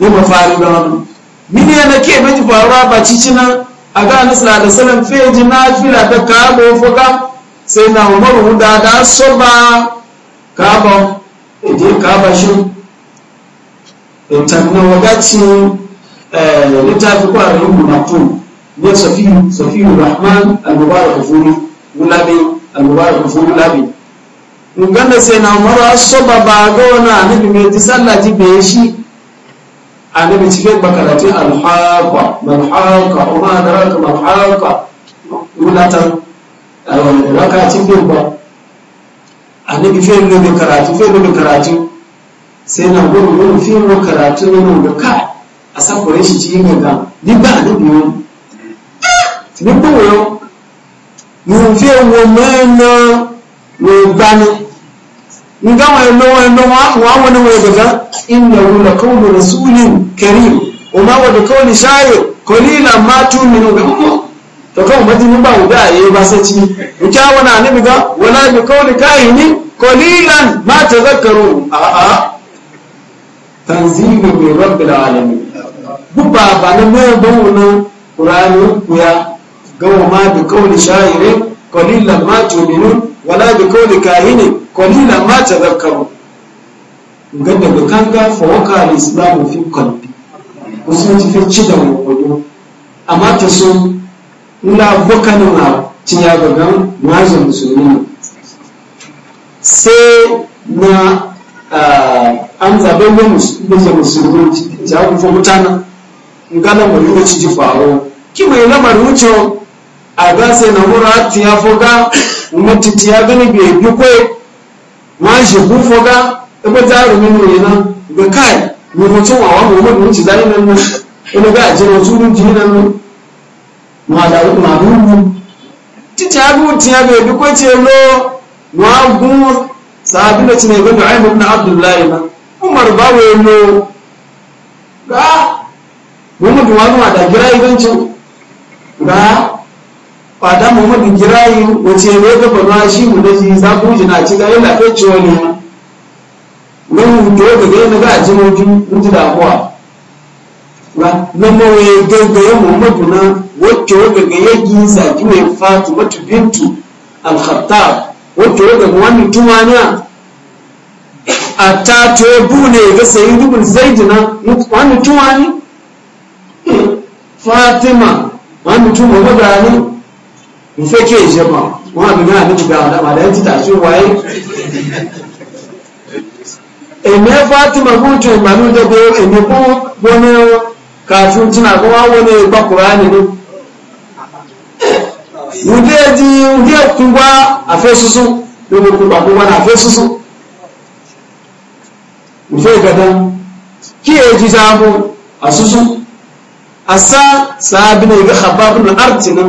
ne mafari da wannan mini na ke bai faruwa ba cicina a ga anas salam feji na fila da ka go foka sai na umaru huda da soba ka ba e je ka ba shi e tanna wagati eh litafi kwa rubu matum ne safiyu safiyu rahman al-mubarak furi mulabi al-mubarak furi labi nganda sai na umaru soba ba ga wani annabi mai sallah ji be shi annabi cikin makaratun alhaka malhaka kuma na raka malhaka wulatan raka cikin ba annabi fiye da mai karatu fiye da mai karatu sai na gudu gudu fiye da karatu na nan ka a sakware shi cikin gaga ni ba annabi yau ni ba yau ni fiye wa mai na mai bani nga wani wani wa wani wani gaga inna wula kaulu rasulin karim umma wa da kauli shayo kolila ma tuminu ga mu to kan madinin ba uga yayi ba sai ci muka wani annabi ga wala bi kauli kahini kolilan ma tazakkaru a a tanzilu min rabbil alamin bubba ba na mai bauna qur'ani kuya gawa ma bi kauli shayirin kolilan ma tuminu wala bi kauli kahini kwalila ma ta zakaru ga daga kanga fawaka al'islamu fi kwalbi wasu ci fi ci da wakwado amma ta so nla abokanin na cinya gaban mazin musulmi sai na an zaɓen yin musulmi ta kufa mutana nga yi wuce ji faro ki mai lamar wuce a gasa na wura ya foga mutum ya gani bai bi kwai wọ́n ṣe kún fọ́gá ẹgbẹ́ tí a rò nínú yẹn náà káì ní mo tún àwọn mọ̀mọ́dé ń ti dá nínú ẹlẹgbẹ́ àti tún ń jí nínú wọn àdàrú màdú wù. títí abú ti ẹ bẹ̀rẹ̀ dúpẹ́ tiẹ̀ wọn á gún sàbí lọ sí ẹgbẹ́ bẹ̀rẹ̀ ẹ̀mọ́ abdullahi náà wọn mọ̀rọ̀ báwo ẹ lọ gbá mọ̀mọ́dé wọn á gún ẹgbẹ́ ń tún gbá. fata mu mafi kirayi wace ne ga fama shi mu da shi za ku na ci ga yana kai ciwo ne na mun hutu ga ga yana ga a ji mu ji mu ji damuwa ba na mawaye muhammadu na wacce wata ga yaki zaki mai fatu mata bintu alkhattab wacce wata ga wani tumaniya a ta tato bune ga sayi dubin zaidina wani tumani fatima wani tumani ni. nfe kí èyí ṣe mọ̀ wọ́n àbí náà níbi gba àdá àdá títà sí wáyé èmi ẹfà tí mo fún tún ìgbà ní dégbé èmi kú gbóná kàfún tí nàkó wá wọlé gbọkùnrin ánìlú wùdí di wùdí ẹkùn wá àfẹsùsù lórí kú gbàgbó wá náà àfẹsùsù wùdí ìgbàdá kí èyí jíjà fún àsùsù àsá sàábìnrin ìgbà xabábìnrin àrtì náà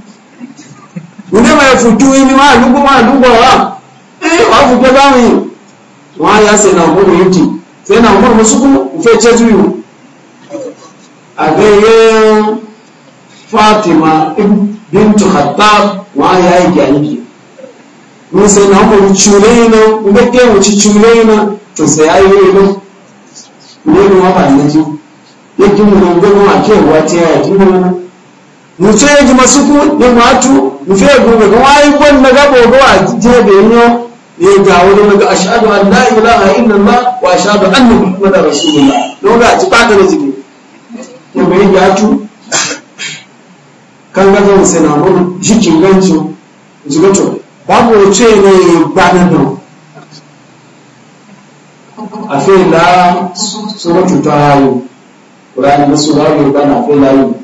ǹdẹ́ máa fùjú ibi máa dúgbò máa dúgbò ọ̀rá ẹ̀ wàá fùjú ẹgbẹ́ àwọn èèyàn wọ́n á yá sẹ́nà ọ̀gbọ́n yìí dì sẹ́nà ọ̀gbọ́n mi sùkú ìfẹ́ jẹ́jú yìí àgbẹ̀yẹ fatima bintu khattab wọ́n á yá ìgbà yìí mun sai na ku cure na ke mu ci cure na to sai ayi ne ba ne mu ba ne yake mu ke masu ku mufe gobe ga wayi gwan na gabo ga wa jebe yo ne ga wani daga ashhadu an la ilaha illallah wa ashhadu anna muhammadar rasulullah don ga ci fata da jini. Ya bai ya tu kan ga zan sai na gudu jikin gancu jigato babu ce ne ya gbanan nan a fi la suratu ta hayo ƙura'in da su hayo gana fi layo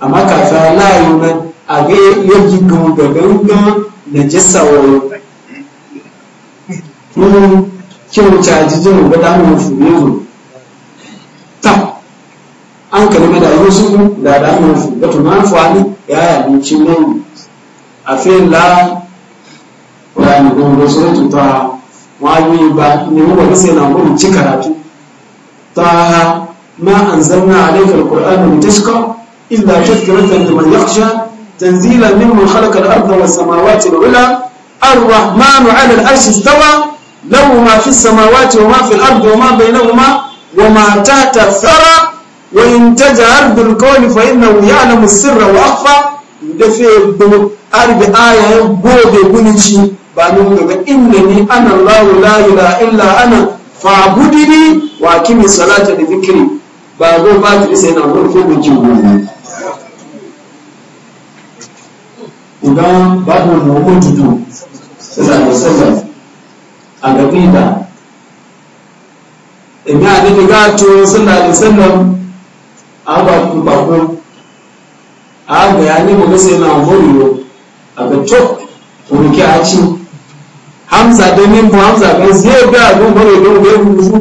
amma kafin layo nan abe yogi gangan na jasa wayo mun kyau ta jijin gada mun fure zo ta an kalma da yusu da da mun fu wato na fani ya yi binci nan. a fiyin la ƙurani don wasu rikin ta wani ba ne wani sai na wani ci karatu ta ma an zanna alaikar ƙurani mutashka illa tafkiratan da man yaksha تنزيلا ممن خلق الأرض والسماوات العلى الرحمن على الأرش استوى له ما في السماوات وما في الأرض وما بينهما وما تات الثرى وإن تجهر بالكون فإنه يعلم السر وأخفى دفئ دفي أرب آية بوب بنشي بانون إنني أنا الله لا إله إلا أنا فاعبدني وأقم صلاة لذكري بابو باتري سينا غرفة بجيبوني tuga babu mu tudu sallallahu alaihi wasallam a gabida ibi a ne daga to sallallahu alaihi a ba ku ba ku a ga ya ne mu sai na horiyo a ga to ruki a ci hamza da min bu hamza ga zai ga gun bare ga yi mu su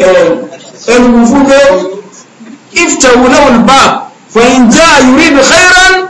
eh mu fa in khairan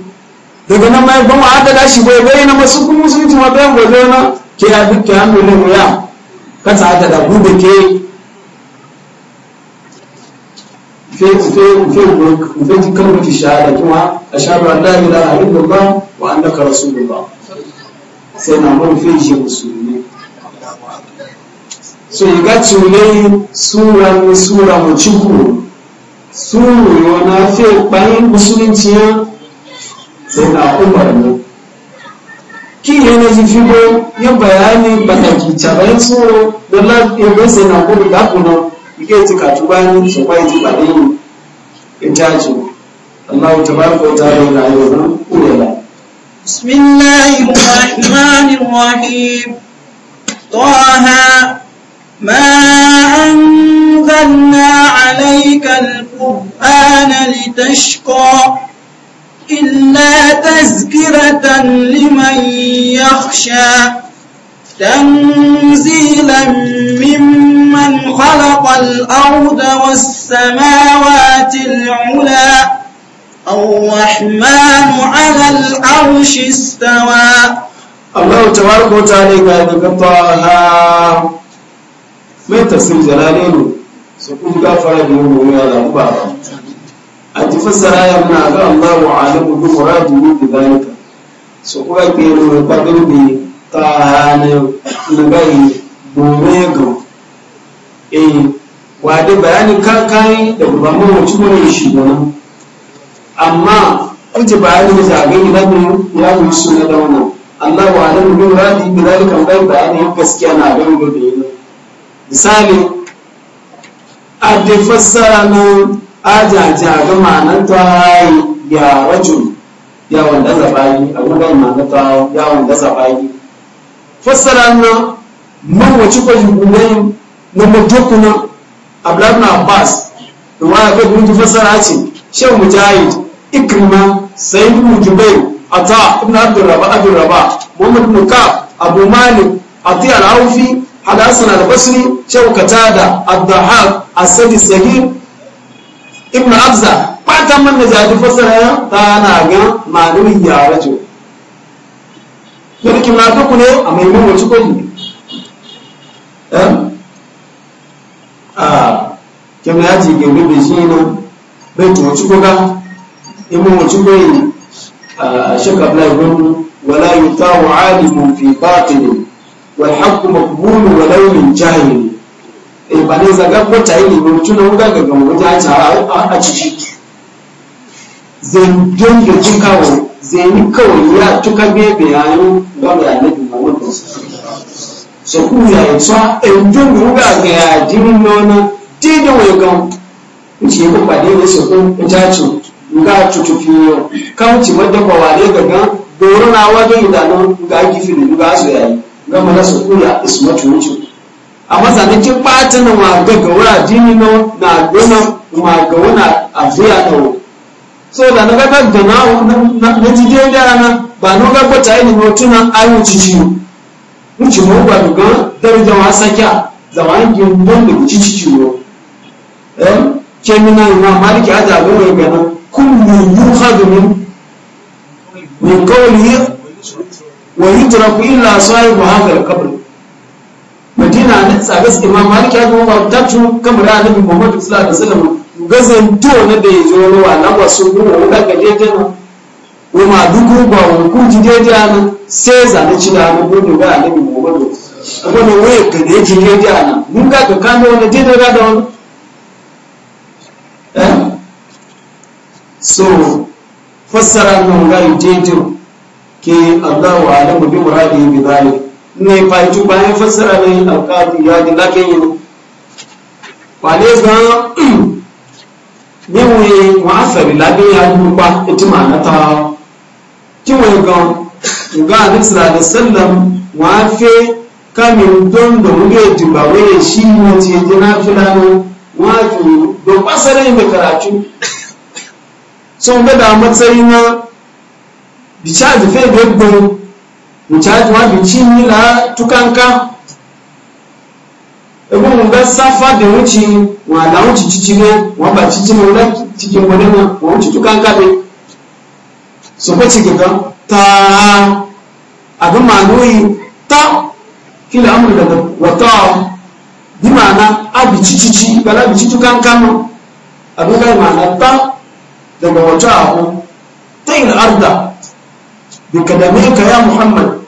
daga nan mai goma aka dashi bai bai na masu kuma musulunci ma bayan gobe na ke ya duk ke hannu ne muya kasa aka da gube ke feji kalmati shahada kuma a shaɗu an la ilaha illallah wa annaka ba sai na mun feji musulmi so iga tule sura ni sura mu ciku suru yo na fe bayin musulunci ya na umarni kiyo na ji fibo ya bayani bataki cabayin tsoro don lafiya bai sai na gudu da kuna ike ti katu bayan su bai ba bane yi ita ce Allah ta ba ko ta yi rayuwa nan kula bismillahir rahmanir rahim طه ما أنزلنا عليك القرآن إلا تذكرة لمن يخشى تنزيلا ممن خلق الأرض والسماوات العلى الرحمن على العرش استوى الله تبارك وتعالى قال قطعها من تفسير جلاله سكون غفر له ويا الله a ti fassara ya muna ga Allahu alamu bi muradihi bi zalika so ko ga ke no ba ga bi ta ne na ga yi dome ga eh wa da bayani kan kai da ba mu mutum ne shi gona amma kuje bayani da ga idan ya mu suna da wannan Allahu alamu bi muradihi bi zalika bai bayani gaskiya na ga gobe misali a da fassara nan ajaja ga ma'anar tawaye ya rajul ya wanda zabayi a gudan ma'anar tawaye ya wanda zabayi fassara na man wace kwaji gudan na mutukuna abdullahi abbas da ma ya kai fassara ce shehu mujahid ikrima sayyid ibn jubair ata ibn abdul rabah muhammad ibn abu malik ati al-awfi hadasan al-basri shehu katada ad-dahab as-sadi sahih ibn abza fatan man da zaji fasara ta na ga malumin ya rajo kirkin na duku ne a mai mun wace kwaji eh? a kemna ya ce gebe da shi na bai ta wace kwaga imin wace kwaji a shekar laifin wala yutawu alimun fi batini wal haqqu maqbulu wa law min jahilin e ba ne zaga ko yi ne mutum na wuga ga gamu ta ci a ci shi zan don da cin kawo zai yi kawai ya tuka bebe ya yi ba mai annabi wanda su ku ya yi tsa in don da wuga ga ya jirin nono ti da wai gan ci ko ba ne su kun ta ci wuga tutufi yau kan ci wadda ba wale ga gan doron na wajen idanun ga gifi da wuga su yayi gama na su kula ismatu wucin amma zane batin ɓata na magaga wura jini na na gona maga wana abuya na wo so da na gaba da na ti dai da rana ba na gaba ta ni no tuna ayi cici mu wuce mu ba duga darajar wa sakya zaman gi bon da cici ci wo eh ke min na ma maliki a ga wo ga yi kullu yukhadu min min qawli wa turaku illa sahibu hadha al-qabr na sabis imam malik ya kuma ta tu kamar annabi muhammad sallallahu alaihi wasallam gazan to na da yazo ruwa na ba su ruwa da ga dede na wa ma duku wa ku ji dede ana sai zane ci da na gudu ga annabi muhammad wani waya ka da ji dede na mun ka kano wani dede ga da wani eh? so fassara nan ga dede ke Allah wa alamu bi muradi bi zalik ne faitu bayan fassara ne alƙadi ya ji lakin yi wale zan níwèé mọ́àfẹ̀rẹ̀ lábẹ́ àdúgbà ìtìmọ̀ ànátà kíwèé gan ǹgá àdísìlá àdísìlá wọ́n á fẹ́ kámi dọ́ndọ̀ ní ìdìbà wẹ́rẹ̀ sí wọn ti ẹjẹ́ náà fi lánà wọ́n á fi don pásẹ́rẹ́ ìmẹ̀ karatu tó ń matsayi mọ́tẹ́rí náà bìcháàzì fẹ́ mchaji wabi chini la tukanka ebo nga safa de wuci wa da wuci cicine wa ba cicine wala cikin wani na wa wuci tukanka ne so kwa cikin ga ta abin ma'anoyi ta kila amur daga wata bi ma'ana abi cicici bala bi citukanka no abin ga ma'ana ta daga wata abu ta yin arda bi kadamika ya muhammad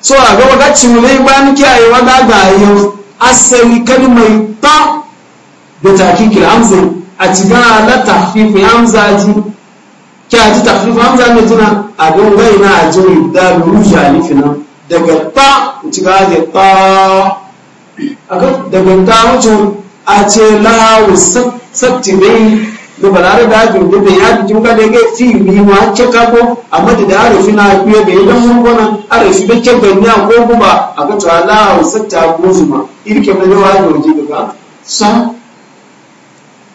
so a gaba ga cimule bayan wanda ga yau asali kalmai ta da takikil hamza a cikin ala tahfifin hamza ji kya ji tahfifin hamza ne tuna a don gai na ajiyar da ruja alifina daga ta ci gaje ta daga ta wucin a ce la lawo sattibai to balare da ju de be ya ju ga lege ti mi wa cheka ko amma da da rufi na kuye be idan mun gona a rufi be ke ganya ko kuma a ga to Allah satta ko zuma irke me da wa da ji daga sa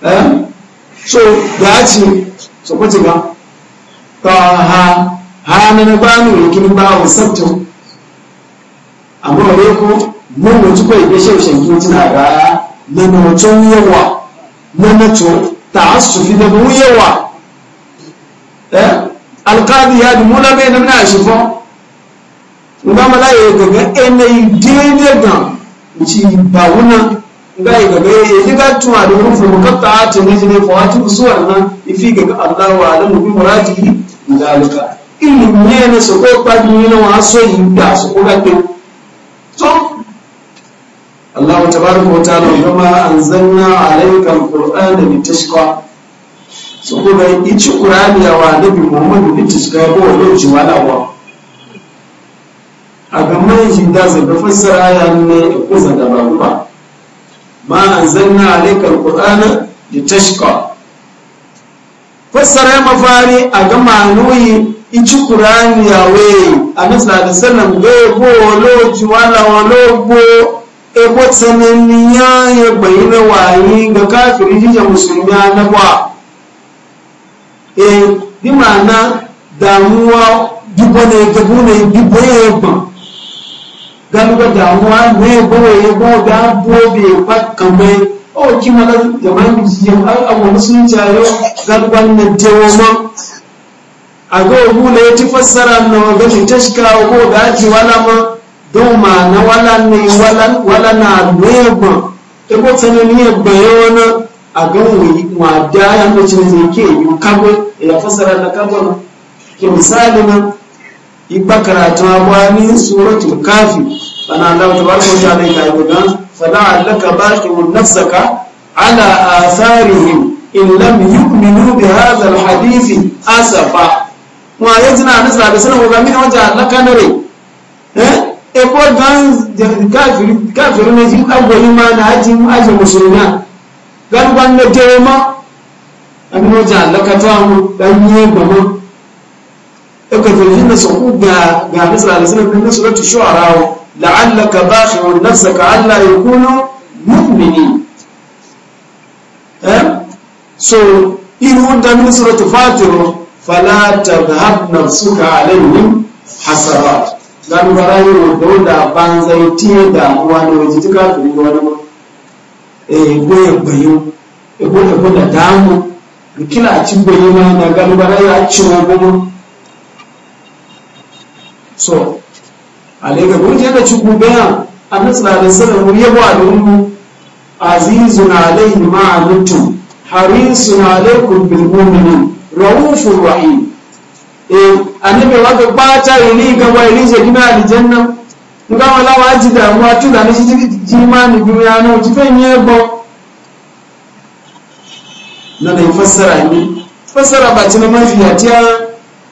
eh so da ci so ko ga ta ha ha na na bani yakin ba wa satta amma ne ko mun mutu ko ibe shewshen kin tana ga na mutum yawa na ta'assufi da bu yawa eh alqadi ya dumu la bai nan na shi fo nga mala ya gaga enai ga uci ba wuna nga ya ga tuwa da rufu mukatta ta ne ne fa wata suwar nan ifi gaga Allah wa alamu bi muradihi zalika ilmin ne na su ko kwadi ne na waso yi da su ko ga الله تبارك وتعالى وما أنزلنا عليك القرآن لتشقى سكونا إيش قرآن يا نبي محمد لتشقى هو يوجي ولا هو أكما يجي دازل بفسر آية أن a دبابا ما أنزلنا عليك القرآن لتشقى fassara mafari a ga manuyi ichi kurani yawe a nasa da sallam ga ebo wala tsananiya ya bayyana wayi ga kafiri jijin musulmi na ba e bi ma'ana damuwa dubo ne gabo ne dubo damuwa ne bobe ba kamar o ki a ga ya fassara na wajen tashka ko ma don ma na wala ne wala na nuegbon ebo tani ni egbon yawon na a gan wa da ya mace ne ke yi kagbo ya e fasara na kagbo na ke misali na igba karatu abuwa ni suratul kafi bana Allah ta barko ta ne ka yi gan fala allaka mu nafsaka ala him in lam yu'minu bi hadha al hadith asafa wa yajna nasra bi sunan wa min wajha lakana re eh ebo gan kafiri na jin agwai ma na ajin ajin musulmiya gan ban na tewo ma an noja lakata mu dan yi gama aka tafi na saku ga ga nasara da sunan na suratu shu'ara la'allaka bakhirun nafsaka alla yakunu mu'mini eh so inu da min suratu fatir fala tadhhab nafsuka alaihim hasarat gan barayi wanda da banzai tiye damuwa na waje duka kafin da wani ba ya eh, goye bayo e gode gode damu kila cin bayo ma na gan ya a ciwo goma so alega gode da ci gobe a na sallallahu alaihi wasallam yabo al'ummu azizun alaihi ma'anutum harisun alaikum bil mu'minin raufur rahim Eh, annabi wanda ba bata yini ga wani je gina aljanna nga wala waji da mu atu da ni shi jima ni duniya no ti fe nye bo na da fassara ni fassara ba ta Ma ya ta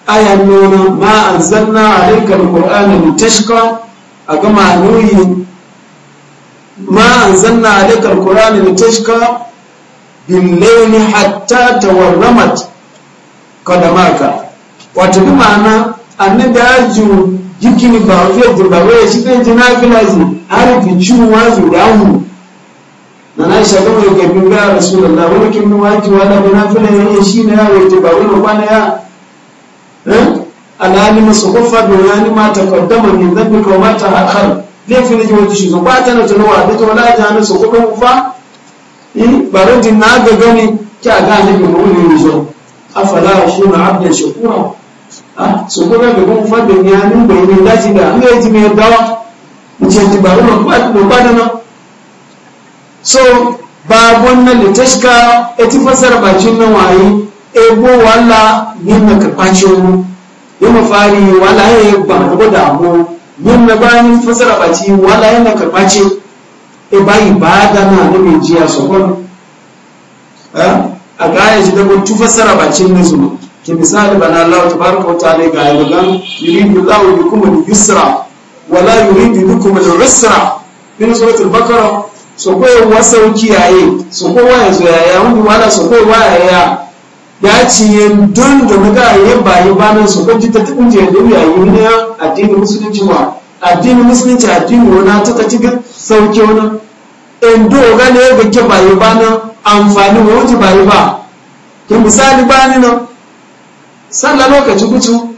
aya nono ma anzalna alayka alqur'ana litashqa aga ma nuyi ma anzalna alayka alqur'ana litashqa bil layli hatta tawarramat qadamaka wato bi ma'ana annabi ajin yikini ba zai jirba ba ya shi kan jina filazi harifin ciwuwa zurahu na na isha gama ya gabin ga rasulallah wani kin nuna waji wala bi na filan ya shi na yawo ya ba wani kwana ya ni masu kufa bi wani ma ta kaddama min zabi ko ma ta akhar laifin da jiwa shi ba ta na tunawa da ta wala ja na su kuɗin kufa barin na ga gani ki a ga annabi mu ne yuzo afala shi na abdan shakura so ko bɛ bɛn fa bɛn ya ni bɛn ni daji da n yɛ jimi yɛ bawa n cɛ ti ba ma ba do da dana so baabon na litashka eti fasara bacin na wayi ebo eh, wala yin na karɓacin yin mafari wala ya yi ban ko damu yin na bayan fasara baci wala yin na karɓacin e bayi ba dana na mai jiya so kwanu a gaya shi da ko tu fasara bacin na zuma ki misali bana Allah tabaraka wa ta'ala ga yalan yuridu Allahu bikum al-yusra wa la yuridu bikum al-usra min surati al-baqara so ko wasauki yayi so ko waya so ya mun wala so ko waya ya ya ci yin don da muka yi bayi banan so ko jita ta kunje da yayi ne addinin musulunci wa addinin musulunci addini wani ta ta cikin sauki wani in doga ne ya gake bayi banan amfani wa wuce bayi ba ki misali bani nan sallah lokaci kucu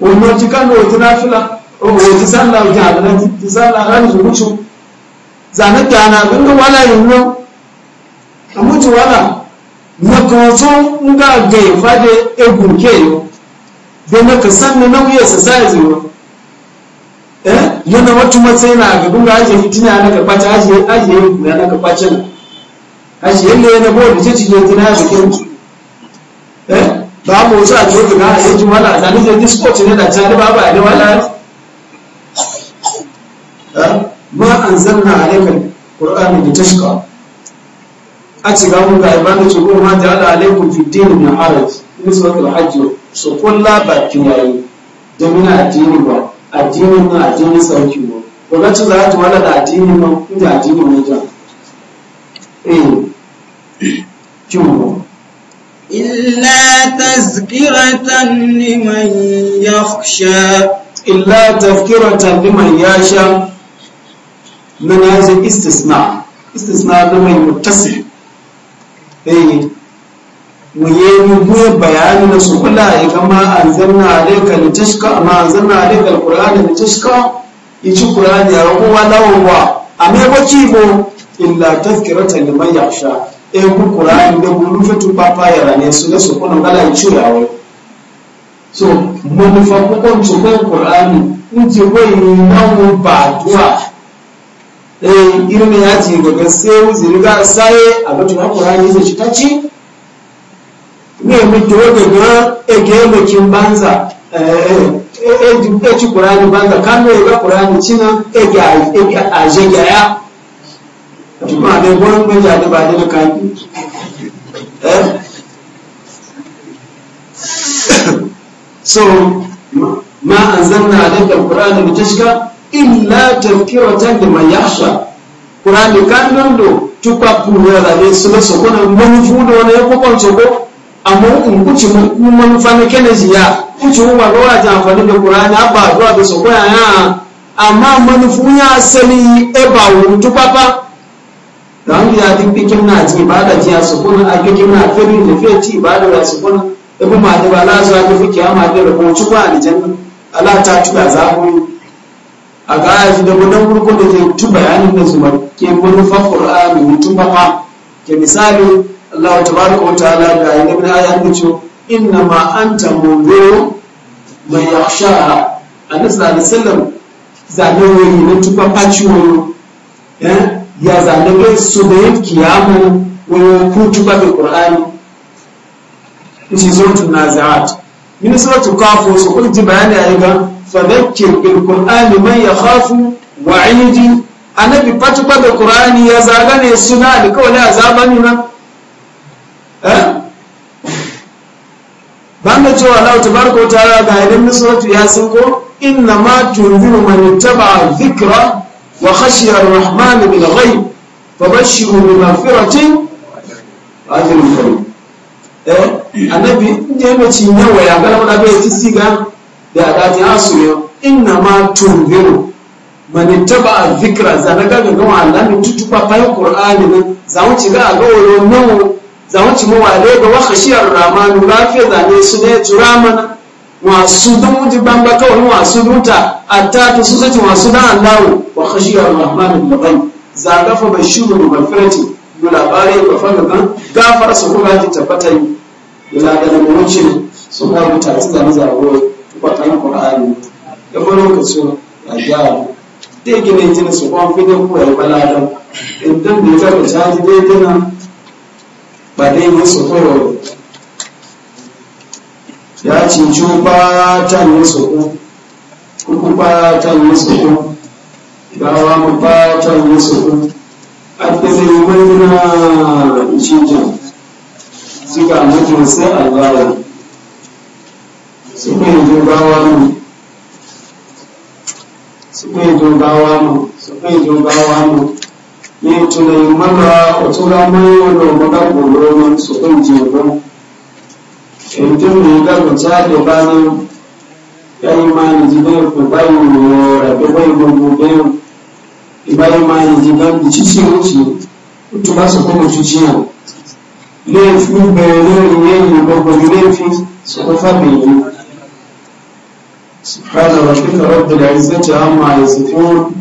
wani ji kano wata nafila wata sallah wata alaji ta sallah ran su kucu zanen ta na abin da wala yi ruwa, a mutu wala na kawaso nga ga ifa da egun ke yi da na ka sanna na wuya sa sa yi eh yana wata matsayi na ga dunga ajiye fitina na karɓace ajiye ajiye na karɓace na ajiye ne na bodi ce cikin gina ya su ba mu wasu a jirgin na yi ji wala da nufin discord ne da cari ba ba ne wala ma an zanna a laikar ƙur'ani da tashka a ci gamun ga ibanu ci goma da ala fi fiddini na haraj nisa da hajji su kulla ba kiyaye domin addini ba addini na addini sauki ba ci za ta wala da addini ma inda addini ne jan eh kiwo إلا تذكرة لمن يخشى إلا تذكرة لمن يخشى من هذا استثناء استثناء لمن يتصل إيه ويجي بيان نسوك الله كما أنزلنا عليك لتشكى ما أنزلنا عليك القرآن لتشكى يجي القرآن يا رب ولا هو أما يبكي إلا تذكرة لمن يخشى eku kurani da bulufe tupa fayara ne su da su kuna so manufa kukon cikin kurani in ji wai nawo ba duwa eh irin ya ce daga sai wuziri ga saye a batun kurani zai ci tacci ne mutu wadda ga ege makin banza banza kano ya ga kurani cina ege a jegaya jùmọ̀ àdé wọ́n ń gbéjà àdébà nínú so ma an zanna àdébà kúránì bí tẹ́ṣíká ìlà tẹ̀kíọ̀ tẹ́lẹ̀ mà yáṣà kúránì kándọ́ndọ̀ tupa kúrò àdé sọlọ́sọ̀kọ́ na mọ́ni fún wọn ní kókó nsọ̀kọ́ àmọ́ nkúti mọ́ni fani kẹ́nẹ́sì yá kúti wọn wà lọ́wọ́ àti àǹfààní bí kúránì àbá àdúrà bí sọ̀kọ́ yà hàn àmọ́ mọ́ni fún da hannu ya duk bikin na ji ba da jiya su kuna a bikin na firin da fiye ci ba da su kuna da ma da ba la zuwa da fi kiyama da rabon ci ba da jannu ala ta tuba zaɓo a ga ya ji da gudan gurgu da ke tuba yanin da zuwa ke manufa ƙur'ani mutum ba ma ke misali allah ta ba da wata da ya gani a yan ce inna ma an ta mungo mai yaksha a nasarar sallam zaɓe wani na tuba faci wani eh? ya bai su da yin kiyamu wani kutu ba da ƙur'ani shi zotu na za'at yin suratu kafu su kulji bayani a yaga fadakir bil qur'ani man yakhafu wa'idi annabi fatu ba da ƙur'ani ya zaga ne suna a azabani na eh? ba na cewa Allah tabaraka wa ta'ala ga idan ya sun ko inna ma tunzuru man taba zikira. وخشي الرحمن بالغيب فبشره بمغفرة أجر كريم annabi inda ya mace yawa ya gara wani bai ci siga da adaji asu yau inna ma tunziru Mani taba a zikra zana ga ga wa Allah min tutuba fayin qur'ani ne. za mu ci ga ga wani nawo za mu ci mu wale ga wa khashiyar rahmanu lafiya zane su ne ramana. masu dun ji bamba kawai masu dunta hatta ta su sace masu dan Allah wa khashiya ar-rahman al-rahim za gafa bashiru bi maghfirati mu labari ga fanga kan gafar su kuma ji tabbata yi ila da mutunci ne su ga buta su da zawo kwatan qur'ani da baro ka so a ga dai gine jin su kuma fi da ya bala da idan da ka ta ji dai dana ba dai ne su koyo ya cinci batan musu uku batan musu uku gawa mu batan musu uku akwai wurina cijin suka mutu sai albayan suka yi dogawa mu suka yi dogawa mu suka yi dogawa mu ne tunayi mana otura mai wani wadda golo ne suka yi mutum ne ga kuca da bayan yayin ma ni ji bai ku bai mu rabe bai gungu bai ibayi ma ni ji bai ku ci ci wuce mutum ba su kuma ci ci yau laifin bayanin yayin babban laifin su kufa bai yi سبحان ربك رب العزة عما يصفون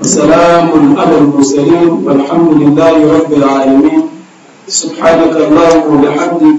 وسلام على المرسلين والحمد لله رب العالمين سبحانك اللهم وبحمدك